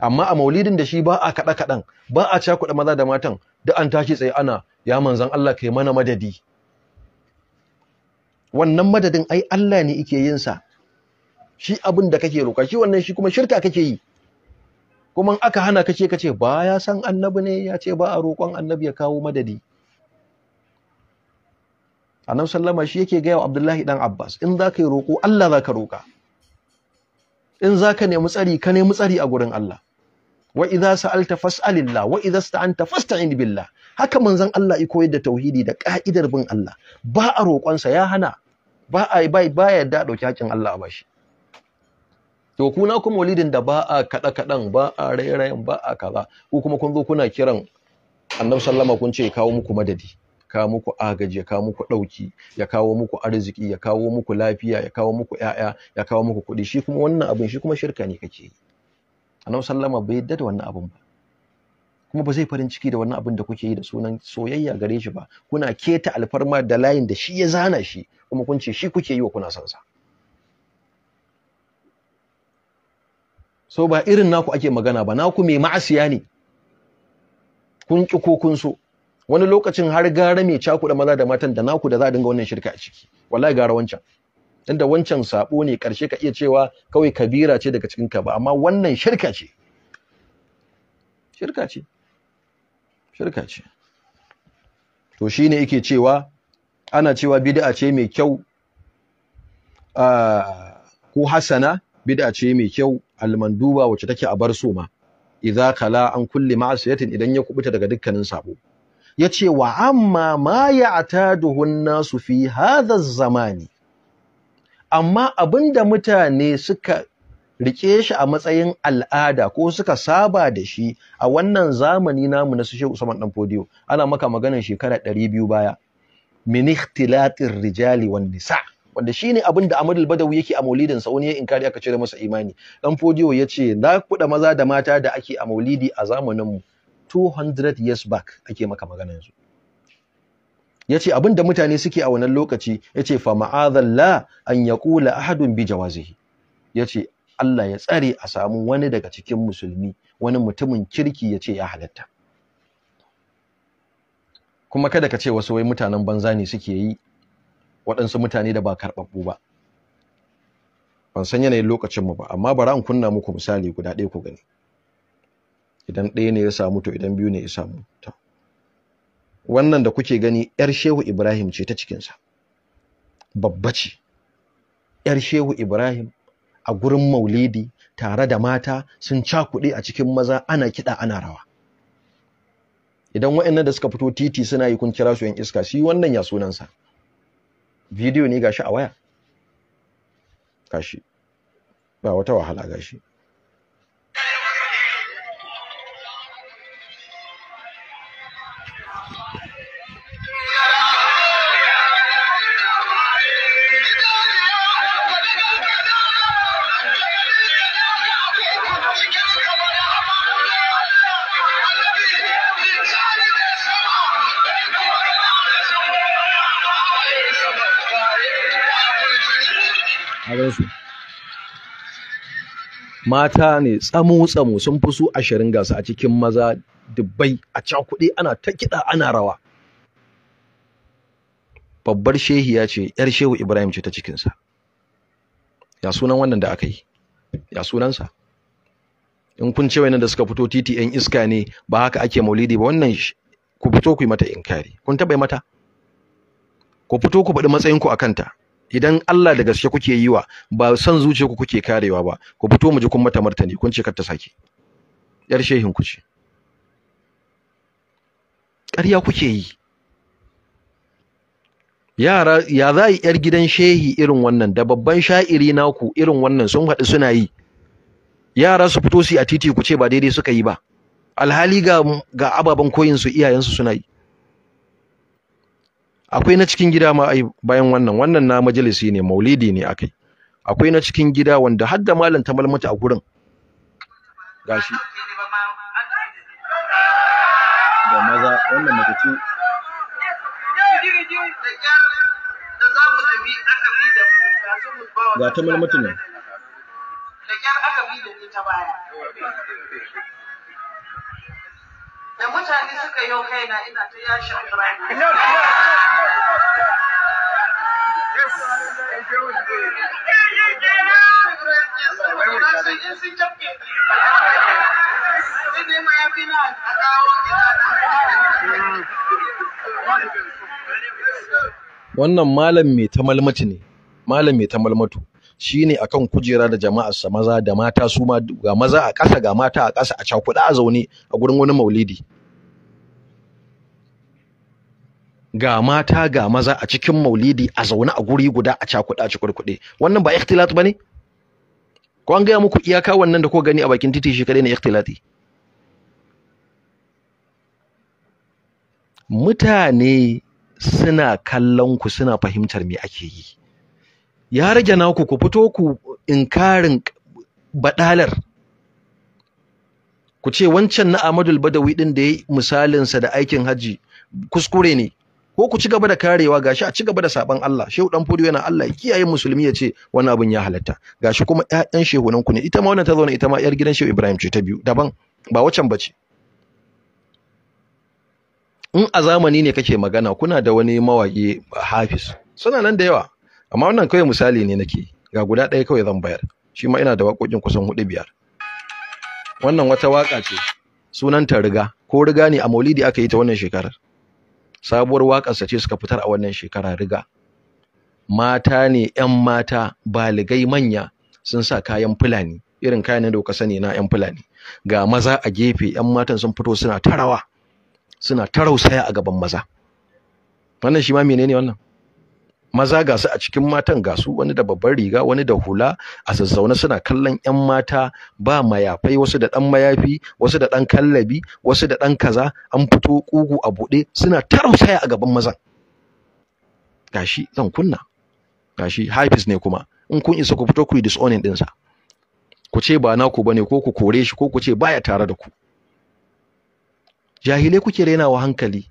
amma a maulidin da shi ba a kaɗa kaɗan ba a cakuɗa maza da matan duk an tashi tsaye ana ya manzan Allah kai mana madadi wannan madadin ai Allah ne yake yin sa shi abin da kake roka, shi wannan shi kuma shirka kake yi kuma aka hana kace kace ba ya san annabi ne ya ce ba a roƙon annabi ya kawo madadi annabi sallama shi yake gaya wa abdullahi dan abbas in za ka yi roƙo allah za ka roƙa in za ka nemi tsari ka nemi tsari a gurin allah wa idza sa'alta fas'alillah wa idza sta'anta fasta'in billah haka manzon allah ya koyar da tauhidi da ka'idar bin allah ba a roƙonsa ya hana ba a bai ya da dauki hakin allah a bashi to kuna kuma walidin da ba a kada kadan ba a rairayen ba a kaza ko kuma kun zo kuna kiran annabi sallama kun ce kawo muku madadi kawo muku agaji ya kawo muku dauki ya kawo muku arziki ya kawo muku lafiya ya kawo muku yaya ya kawo muku kuɗi shi kuma wannan abin shi kuma shirka ne kake yi annabi sallama bai yadda da wannan abin ba kuma ba zai farin ciki da wannan abin da kuke yi da sunan soyayya gare shi ba kuna keta alfarma da layin da shi ya zana shi kuma kun ce shi kuke yi wa kuna son sa so ba irin naku ake magana ba naku mai ma'asiya ne kun ki ko kun so wani lokacin har gara mai cakuɗa maza da matan da naku da za a dinga wannan shirka a ciki wallahi gara wancan inda wancan sabo ne karshe ka iya cewa kawai kabira ce daga cikin ka ba amma wannan shirka ce shirka ce shirka ce to shine yake cewa ana cewa bid'a ce mai kyau ah, ko hasana bid'a ce mai kyau almanduba wacce take a bar suma idza kala an kulli ma'asiyatin idan ya kubuta daga dukkanin sabo yace wa amma ma ya'taduhu an-nasu fi hadha zamani amma abinda mutane suka rike shi a matsayin al'ada ko suka saba da shi a wannan zamani namu na su Shehu Usman dan Fodiyo ana maka maganar shekara 200 baya min ikhtilatir rijali wan nisa' wanda shine abin da Amadul badawi yake a maulidin sa wani ya inkari aka cire masa imani dan fodiyo yace na kuɗa maza da mata da ake a maulidi a zamanin mu 200 years back ake maka magana yanzu yace abin da mutane suke a wannan lokaci yace fa ma'azalla an yaqula ahadun bi jawazihi yace Allah ya tsare a samu wani daga cikin musulmi wani mutumin kirki ya ce ya halatta kuma kada ka ce wasu wai mutanen banza ne suke yi waɗansu mutane da ba karɓaɓɓu ba ban san yanayin lokacinmu ba amma bara in kunna muku misali guda ɗaya ku gani idan ɗaya ne ya samu to idan biyu ne ya samu to wannan da kuke gani yar shehu ibrahim ce ta cikinsa babba ce yar shehu ibrahim a gurin maulidi tare da mata sun cakuɗe a cikin maza ana kiɗa ana rawa idan waɗannan da suka fito titi suna yi kun kira su yan iska shi wannan ya sunansa bidiyo ne gashi a waya gashi ba wata wahala gashi mata ne tsamo-tsamo sun fi su ashirin gasa a cikin maza dubbai a cakuɗe ana ta kiɗa ana rawa babbar shehi ya ce yar shehu ibrahim ce ta cikinsa ya sunan wannan da aka yi ya sunansa in kun ce wayannan da suka fito titi yan iska ne ba haka ake maulidi ba wannan ku fito ku yi mata inkari kun taɓa mata ku fito ku faɗi matsayinku a kanta idan Allah da gaske kuke yi wa ba san zuciya ku kuke karewa ba ku fito mu ji kun mata martani kun ce kar ta saki yar shehin ku ce ƙarya kuke yi yara ya za yi yar gidan shehi irin wannan da babban sha'iri naku irin wannan sun haɗu suna yi yara su fito su a titi ku ce ba daidai suka yi ba alhali ga ababen koyin su iyayensu suna yi akwai na cikin gida ma ai bayan wannan wannan na majalisi ne maulidi ne akai akwai na cikin gida wanda har da malam ta malmata a gurin gashi da maza wannan mace ce ga ta malmata ne da kyar aka bi da ta baya da mutane suka yi kaina ina ta yashi Ibrahim. Wannan malam mai ta malmatu ne, malam mai ta malmatu. shine akan kujera da jama'arsa maza da mata su ma ga maza a ƙasa ga mata a ƙasa a cakuɗa a zaune a gurin wani maulidi ga mata ga maza a cikin maulidi a zaune a guri guda a cakuɗa a cikurkuɗe wannan ba ikhtilat bane ko an gaya muku iyaka wannan da ko gani a bakin titi shi kadai ne ikhtilati mutane suna kallon ku suna fahimtar me ake yi ya rage naku ku fito ku inkarin badalar ku ce wancan na Ahmadul Badawi din da yayi misalin sa da aikin haji kuskure ne ko ku ci gaba da karewa gashi a ci gaba da saban Allah shehu dan fudu yana Allah kiyaye musulmi ya ce wani abin ya halatta gashi kuma ƴaƴan shehunan ku ne ita ma wannan ta zo ita ma ƴar gidan shehu Ibrahim ce ta biyu daban ba wacan bace in a zamani ne kake magana kuna da wani mawaƙi Hafiz suna nan da yawa amma wannan kawai misali ne nake ga guda ɗaya kawai zan bayar shi ma ina da waƙoƙin kusan hudu biyar wannan wata waka ce sunanta riga ko riga ne a maulidi aka yi ta wannan shekarar sabuwar waƙarsa ce suka fitar a wannan shekara riga mata ne 'yan mata baligai manya sun sa kayan fulani irin kayan da kuka sani na 'yan fulani ga maza a gefe 'yan matan sun fito suna tarawa suna tarausaya a gaban maza wannan shi ma menene wannan maza ga su a cikin matan ga su wani da babban riga wani da hula a zazzaune suna kallon yan mata ba mayafai wasu da dan mayafi wasu da dan kallabi wasu da dan kaza an fito kugu a bude suna tarausaya a gaban mazan gashi zan kunna gashi hafiz ne kuma in kun isa ku fito ku yi disowning din sa ku ce ba naku bane ko ku kore shi ko ku ce baya tare da ku jahilai kuke rainawa hankali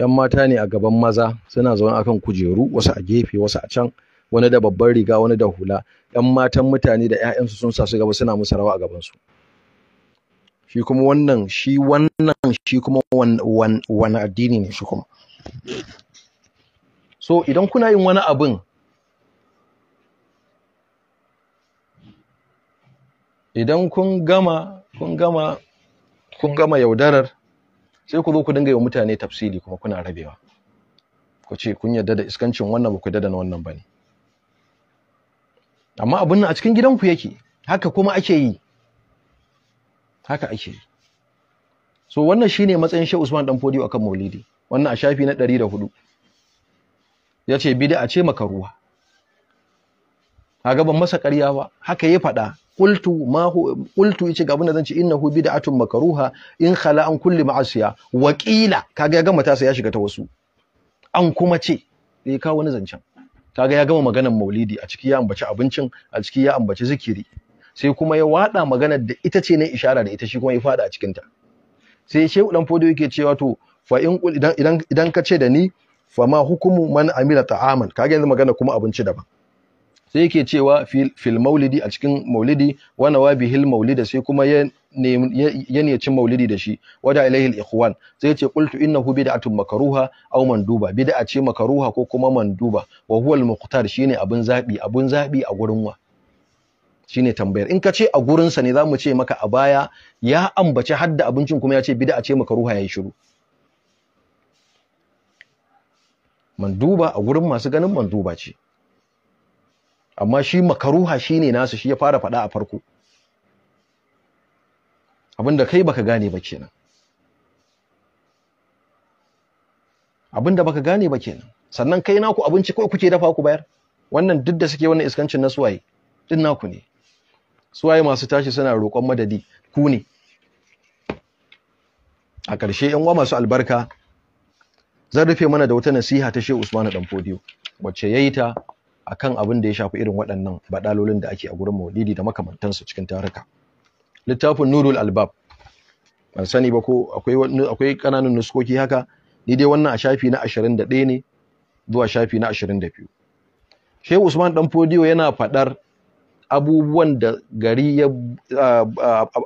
'yan mata ne a gaban maza suna zaune akan kujeru wasu a gefe wasu a can wani da babban riga wani da hula 'yan matan mutane da 'ya'yansu sun sa su gaba suna musu rawa a gaban su. shi kuma wannan shi wannan shi kuma wani addini ne shi kuma so idan kuna yin wani abin idan kun gama kun gama kun gama yaudarar sai ku zo ku dinga yi wa mutane tafsiri kuma kuna rabewa ku ce kun yarda da iskancin wannan ba ku yarda da wannan ba ne amma abin nan a cikin gidanku yake haka kuma ake yi haka ake yi so wannan shine matsayin Sheikh Usman dan Fodiyo akan Maulidi wannan a shafi na 104 yace bid'a ce makaruwa kaga ban masa ƙarya ba haka ya faɗa qultu ma hu qultu yace ga abinda zan ce innahu bid'atun makruha in khala an kulli ma'asiya wa qila kaga ya gama tasa ya shiga ta wasu an kuma ce da ya wani zancen kaga ya gama maganar maulidi a ciki ya ambaci abincin a ciki ya ambaci zikiri sai kuma ya wada maganar da ita ce ne ishara da ita shi kuma ya fada a cikin ta sai shehu dan fodo yake cewa to fa in idan idan ka ce da ni fa ma hukumu man amila ta'aman kaga yanzu magana kuma abinci daban sai yake cewa fil maulidi a cikin maulidi wa nawabihil maulida sai kuma ya ne niyacin maulidi da shi wada ilaihil ikhwan sai ce qultu innahu bid'atun makruha aw manduba bid'a ce makruha ko kuma manduba wa huwa al muqtar shine abun zabi abun zabi a gurin wa shine tambayar in ka ce a gurin sa ne zamu ce maka a baya ya ambaci hadda abincin kuma ya ce bid'a ce makruha yayi shiru manduba a gurin masu ganin manduba ce amma shi makaruha ne nasu shi ya fara faɗa a farko abinda kai baka gane ba kenan abinda baka gane ba kenan sannan kai naku abinci kawai kuke dafa ku bayar wannan duk da suke wannan iskancin na suwaye din naku ne suwaye masu tashi suna roƙon madadi ku ne a ƙarshe yan uwa masu albarka zan rufe mana da wata nasiha ta Shehu Usman Dan wacce wacce yayi ta akan abin da ya shafi irin waɗannan baɗalolin da ake a gurin maulidi da makamantansu cikin taruka littafin nurul albab ban sani ba ko akwai ƙananan nuskoki haka ni dai wannan a shafi na 21 ne zuwa shafi na 22 Shehu Usman dan Fodiyo yana faɗar abubuwan da gari ya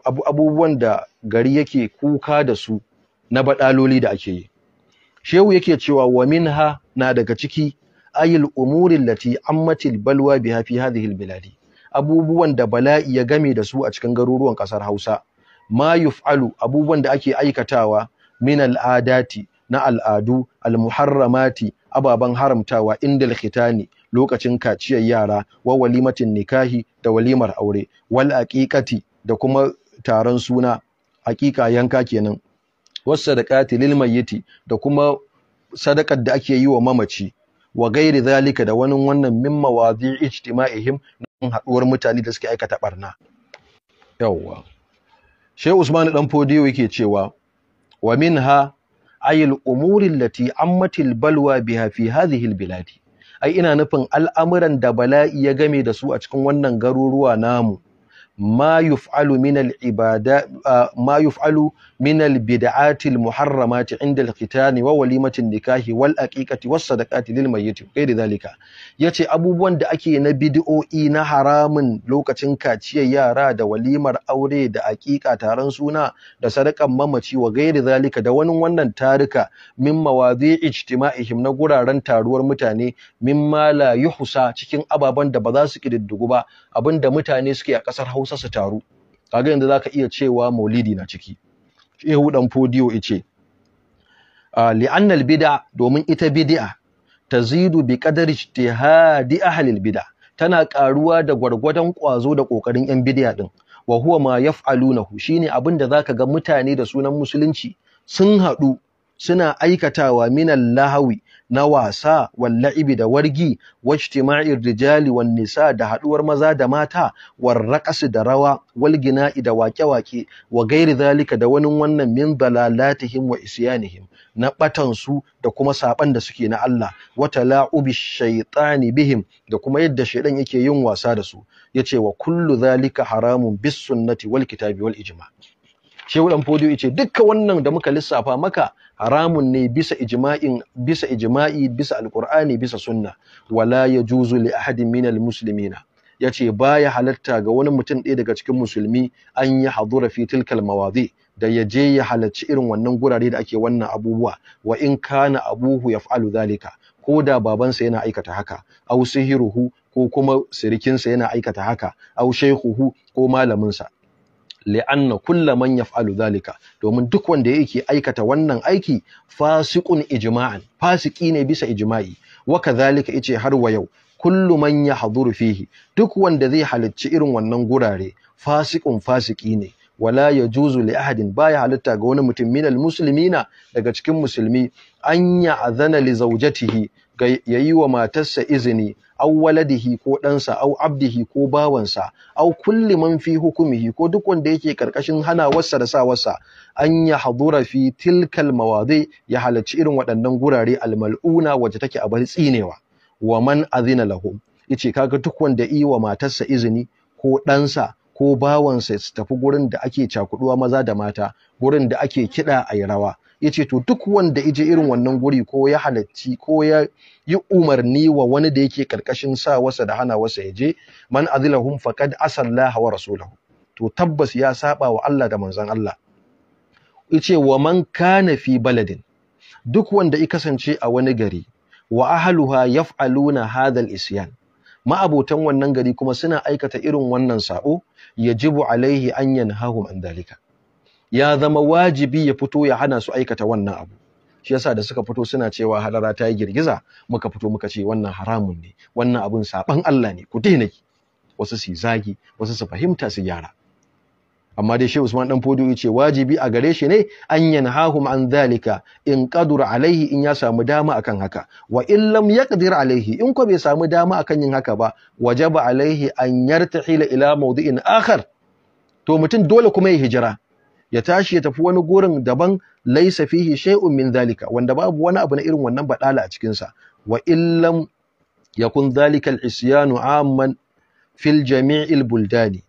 abubuwan da gari yake kuka da su na baɗaloli da ake yi Shehu yake cewa wa minha na daga ciki ayil umurin lati ammatil balwa biha fi hadhihi abubuwan da bala'i ya game da su a cikin garuruwan kasar Hausa ma yuf'alu abubuwan da ake aikatawa min al'adati na al'adu almuharramati ababan haramtawa indal khitani lokacin kaciyar yara wa walimatin nikahi da walimar aure wal aqiqati da kuma taron suna aqiqa yanka kenan Wasu lil mayyiti da kuma sadakar da ake yi wa mamaci wa gairi zalika da wani wannan min mawazi ijtima'ihim don haɗuwar mutane da suke aikata barna yawwa shehu usman dan fodiyo yake cewa wa minha ayil umuri Lati, ammatil balwa biha fi hadhihi albiladi ai ina nufin al'amuran da bala'i ya game da su a cikin wannan garuruwa namu ma yuf'alu min al'ibada ma yuf'alu من البدعات المحرمات عند الختان ووليمة النكاح والأقيقة والصدقات للميت غير ذلك yace abubuwan da ake na bid'o'i na haramun lokacin kaciyar yara da walimar aure da aƙiƙa taron suna da sadakan mamaci wa gairi zalika da wani wannan tarika min mawadhi ijtima'ihim na guraren taruwar mutane mimma la cikin ababen da ba za su kididdigu ba abinda mutane suke a ƙasar Hausa su taru kaga yanzu zaka iya cewa maulidi na ciki shehu dan fodiyo yace ah, li'annal bid'a domin ita bid'a tazidu bi qadari ijtihadi ahli bid'a tana karuwa da gwargwadon kwazo da kokarin yan bid'a din wa huwa ma yaf'alunahu shine abin da zaka ga mutane da sunan musulunci sun haɗu suna aikatawa minal lahawi na wasa walla'ibi da wargi wajtima'ir rijali wan nisa da haduwar maza da mata warraqasi da rawa walgina'i da wake-wake wa gairi zalika da wani wannan min dalalatihim wa isyanihim na batan su da kuma saban da suke na Allah wa tala'ubi shaytani bihim da kuma yadda shaydan yake yin wasa da su yace wa kullu zalika haramun bis sunnati wal kitabi wal ijma' Shehu Dan Fodiyo yace dukkan wannan da muka lissafa maka haramun ne bisa ijma'i bisa ijma'i bisa alqur'ani bisa sunna wala yajuzu li ahadin minal muslimina yace baya halatta ga wani mutum ɗaya daga cikin musulmi an yi hadura fi tilkal mawadi da ya je ya halarci irin wannan gurare da ake wannan abubuwa wa in kana abuhu yaf'alu zalika ko da babansa yana aikata haka aw sihiruhu ko kuma sirikinsa yana aikata haka aw shaykhuhu ko malaminsa li'anna kulla man yaf'alu zalika domin duk wanda yake aikata wannan aiki fasiqun ijma'an fasiki ne bisa ijma'i wa kadhalika ice har wa yau kullu man yahduru fihi duk wanda zai halicci irin wannan gurare fasiqun fasiki ne wala yajuzu li ahadin baya halitta ga wani mutum minal muslimina daga cikin musulmi an ya'zana li zawjatihi ga yayi wa matarsa izini Au waladihi ko ɗansa au abdihi ko bawansa au kulli man fi hukumihi ko duk wanda yake karkashin wasa da sa-wasa, an ya hadura fi tilkal mawadi ya halarci irin waɗannan gurare almal'una wacce take a bar tsinewa wa man azina lahu yace kaga duk wanda yi wa matarsa izini ko ɗansa ko bawansa su tafi gurin da ake cakuɗuwa maza da mata gurin da ake kiɗa a yi rawa yace to duk wanda ije irin wannan guri ko ya halacci ko ya yi umarni wa wani da yake karkashin sa wasa da hana wasa je man azilahum faqad asallaha wa rasulahu to tabbas ya saba wa Allah da manzon Allah yace wa man kana fi baladin duk wanda i kasance a wani gari wa ahluha yaf'aluna hadha al-isyan ma'abotan wannan gari kuma suna aikata irin wannan sabo yajibu alaihi an yanhahum an dalika ya zama wajibi ya fito ya hana su aikata wannan abu shi yasa da suka fito suna cewa hadara ta yi girgiza muka fito muka ce wannan haramun ne wannan abun saban Allah ne ku daina ki wasu su zagi wasu su fahimta su gyara amma dai Sheikh Usman dan Fodio yace wajibi a gare shi ne an yanhahum an zalika in qadura alaihi in ya samu dama akan haka wa in lam yaqdir alaihi in ko bai samu dama akan yin haka ba wajaba alaihi an yartahila ila mawdi'in akhar to mutum dole kuma ya hijira ya tashi ya tafi wani gurin daban laisa fihi shay'un min zalika wanda babu wani abu na irin wannan badala a cikin sa wa illam yakun zalika al-isyanu amman fil jami'il buldani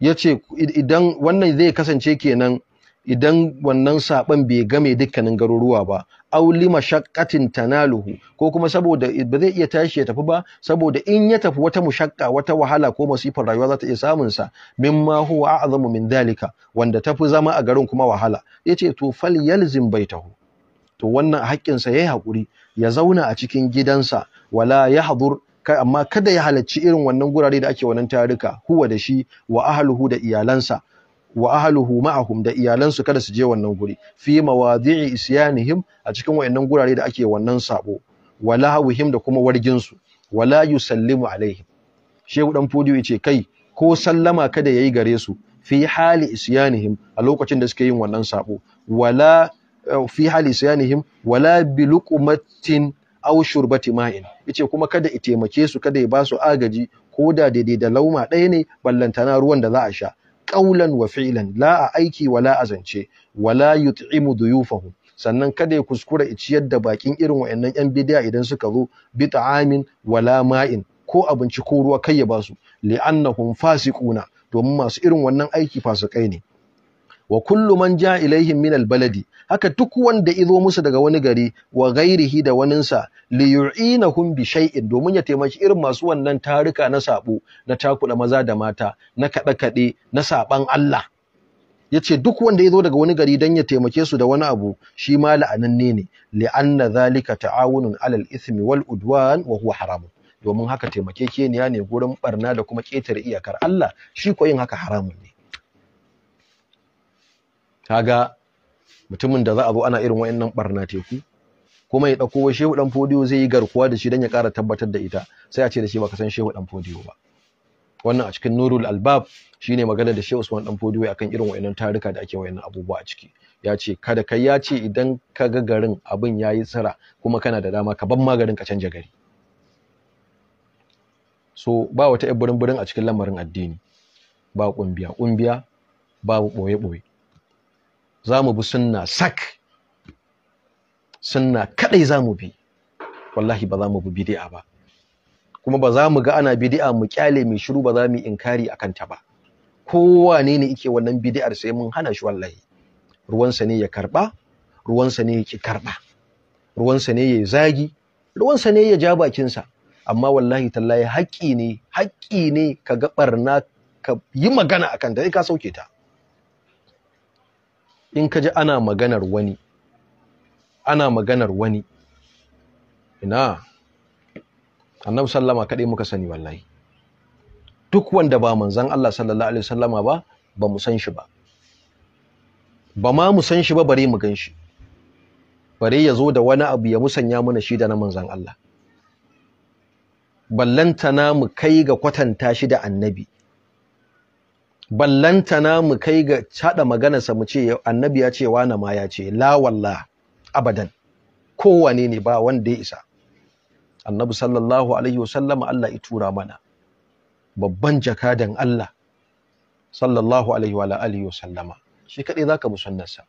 yace idan wannan zai kasance kenan idan wannan saban bai game dukkanin garuruwa ba auli li mashaqqatin tanaluhu ko kuma saboda ba zai iya tashi ya tafi ba saboda in ya tafi wata mushaqqa wata wahala ko masifar rayuwa za ta iya samun sa mimma huwa a'zamu min dalika wanda tafi zama a garin kuma wahala yace to fal yalzim baitahu to wannan haƙƙin sa yayi hakuri ya zauna a cikin gidansa wala ya kai, amma kada ya halarci irin wannan gurare da ake wannan tarika huwa da shi wa ahluhu da iyalansa wa ahluhu ma'ahum da iyalansu kada su je wannan guri fi mawadi'i isyanihim a cikin wayannan gurare da ake wannan sabo wala hawihim da kuma wargin su wala yusallimu alaihim shehu dan fodiyo yace kai ko sallama kada yayi gare su fi hali isyanihim a lokacin da suke yin wannan sabo wala eh, fi hali isyanihim wala biluqmatin aw shurbati ma'in yace kuma kada i taimake su kada ya ba su agaji ko da daidai da lauma ɗaya ne ballantana ruwan da za a sha ƙaulan wa fi'lan la a aiki wala a zance wala yut'imu duyufahum sannan kada ya kuskura ya ciyar da bakin irin wayannan yan bidiya idan suka zo bi ta'amin wala ma'in ko abinci ko ruwa kai ya basu li'annahum fasiquna domin masu irin wannan aiki fasikai ne wa kullu man ja ilaihim min albaladi haka duk wanda izo musu daga wani gari wa ghairihi da waninsa li yu'inahum bi shay'in domin ya taimaki irin masu wannan tarika na sabo na takula maza da mata na kada kade na saban Allah yace duk wanda yazo daga wani gari dan ya taimake su da wani abu shi ma la'ananne ne anna zalika ta'awunun alal ithmi wal udwan wa huwa haramun domin haka taimake taimakekeniya ne gurin barna da kuma ketare iyakar Allah shi ko haka haramun ne kaga mutumin da za a zo ana irin wayannan barna teku kuma ya dauko shehu dan fodiyo zai yi garkuwa da shi dan ya kara tabbatar da ita sai a ce da shi baka san shehu dan fodiyo ba wannan a cikin nurul albab shine magana da shehu usman dan fodiyo akan irin wayannan tarika da ake wayannan abubuwa a ciki ya ce kada kai ya ce idan ka ga garin abin ya yi tsira kuma kana da dama ka ban magarin ka canja gari so ba wata 'yar burin a cikin lamarin addini ba kumbiya, kumbiya, babu boye-boye. za mu bi sunna sak sunna kadai za mu bi wallahi ba za mu bi bid'a ba kuma ba za mu ga ana bid'a mu kyale mai shiru ba za mu inkari akan ta ba kowane ne yake wannan bid'ar sai mun hana shi wallahi ruwansa ne ya karba ruwansa ne yake karba ruwansa ne ya zagi ruwansa ne ya ja bakinsa amma wallahi tallahi haƙƙi ne haƙƙi ne ka ga barna ka yi magana akan ta sai ka sauke ta in ka ji ana maganar wani ana maganar wani ina annabi sallama kaɗai muka sani wallahi duk wanda ba manzan Allah sallallahu alaihi wasallama ba ba mu san shi ba ba ma mu san shi ba bare mu gan shi bare ya zo da wani abu ya musanya mana shi da na manzan Allah ballantana mu kai ga kwatanta shi da annabi na mu kai ga caɗa maganarsa mu ce annabi ya ce wani ma ya ce la wallah abadan kowane ne ba wanda ya isa annabi sallallahu alaihi wasallam Allah ya tura mana babban jakadan Allah sallallahu alaihi wa alihi wasallama shi kadai zaka musannarsa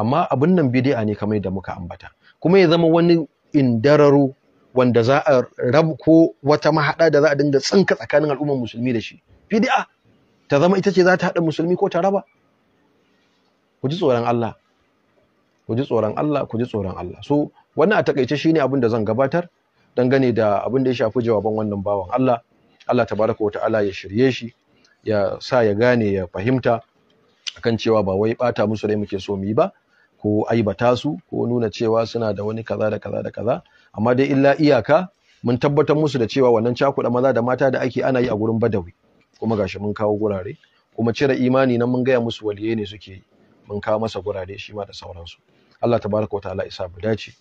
amma abin nan bid'a ne kamar da muka ambata kuma ya zama wani indararo wanda za a rab ko wata mahada da za a dinga tsinka tsakanin al'ummar musulmi da shi bid'a ta zama ita ce za ta haɗa musulmi ko ta raba ku ji tsoron Allah ku ji tsoron Allah ku ji tsoron Allah so wannan a takaice shine abin da zan gabatar dangane da abin da ya shafi jawaban wannan bawan Allah Allah tabaraka wa ta'ala ya shirye shi ya sa ya gane ya fahimta akan cewa ba wai bata musu rai muke so mu yi ba ko aibata su ko nuna cewa suna da wani kaza da kaza da kaza amma dai illa iyaka mun tabbatar musu da cewa wannan cakuɗa maza da mata da ake ana yi a gurin badawi kuma gashi mun kawo gurare kuma cire imani nan mun gaya musu waliye ne suke yi mun kawo masa gurare shi ma da sauransu Allah tabaraka wataala ya sa mu dace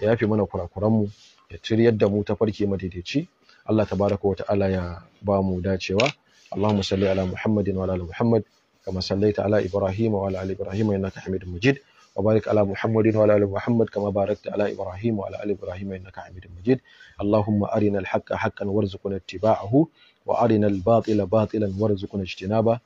ya yafe mana kurakuran mu ya cire yadda mu ta farke madaidaici Allah tabaraka wataala ya ba mu dacewa Allahumma salli ala Muhammadin wa ala Muhammad kama sallaita ala Ibrahim wa ala Ibrahim innaka Hamidum Majid وبارك على محمد وعلى ال محمد كما باركت على ابراهيم وعلى ال ابراهيم انك حميد مجيد arina ارنا الحق حقا وارزقنا اتباعه وأرنا الباطل باطلا وارزقنا اجتنابه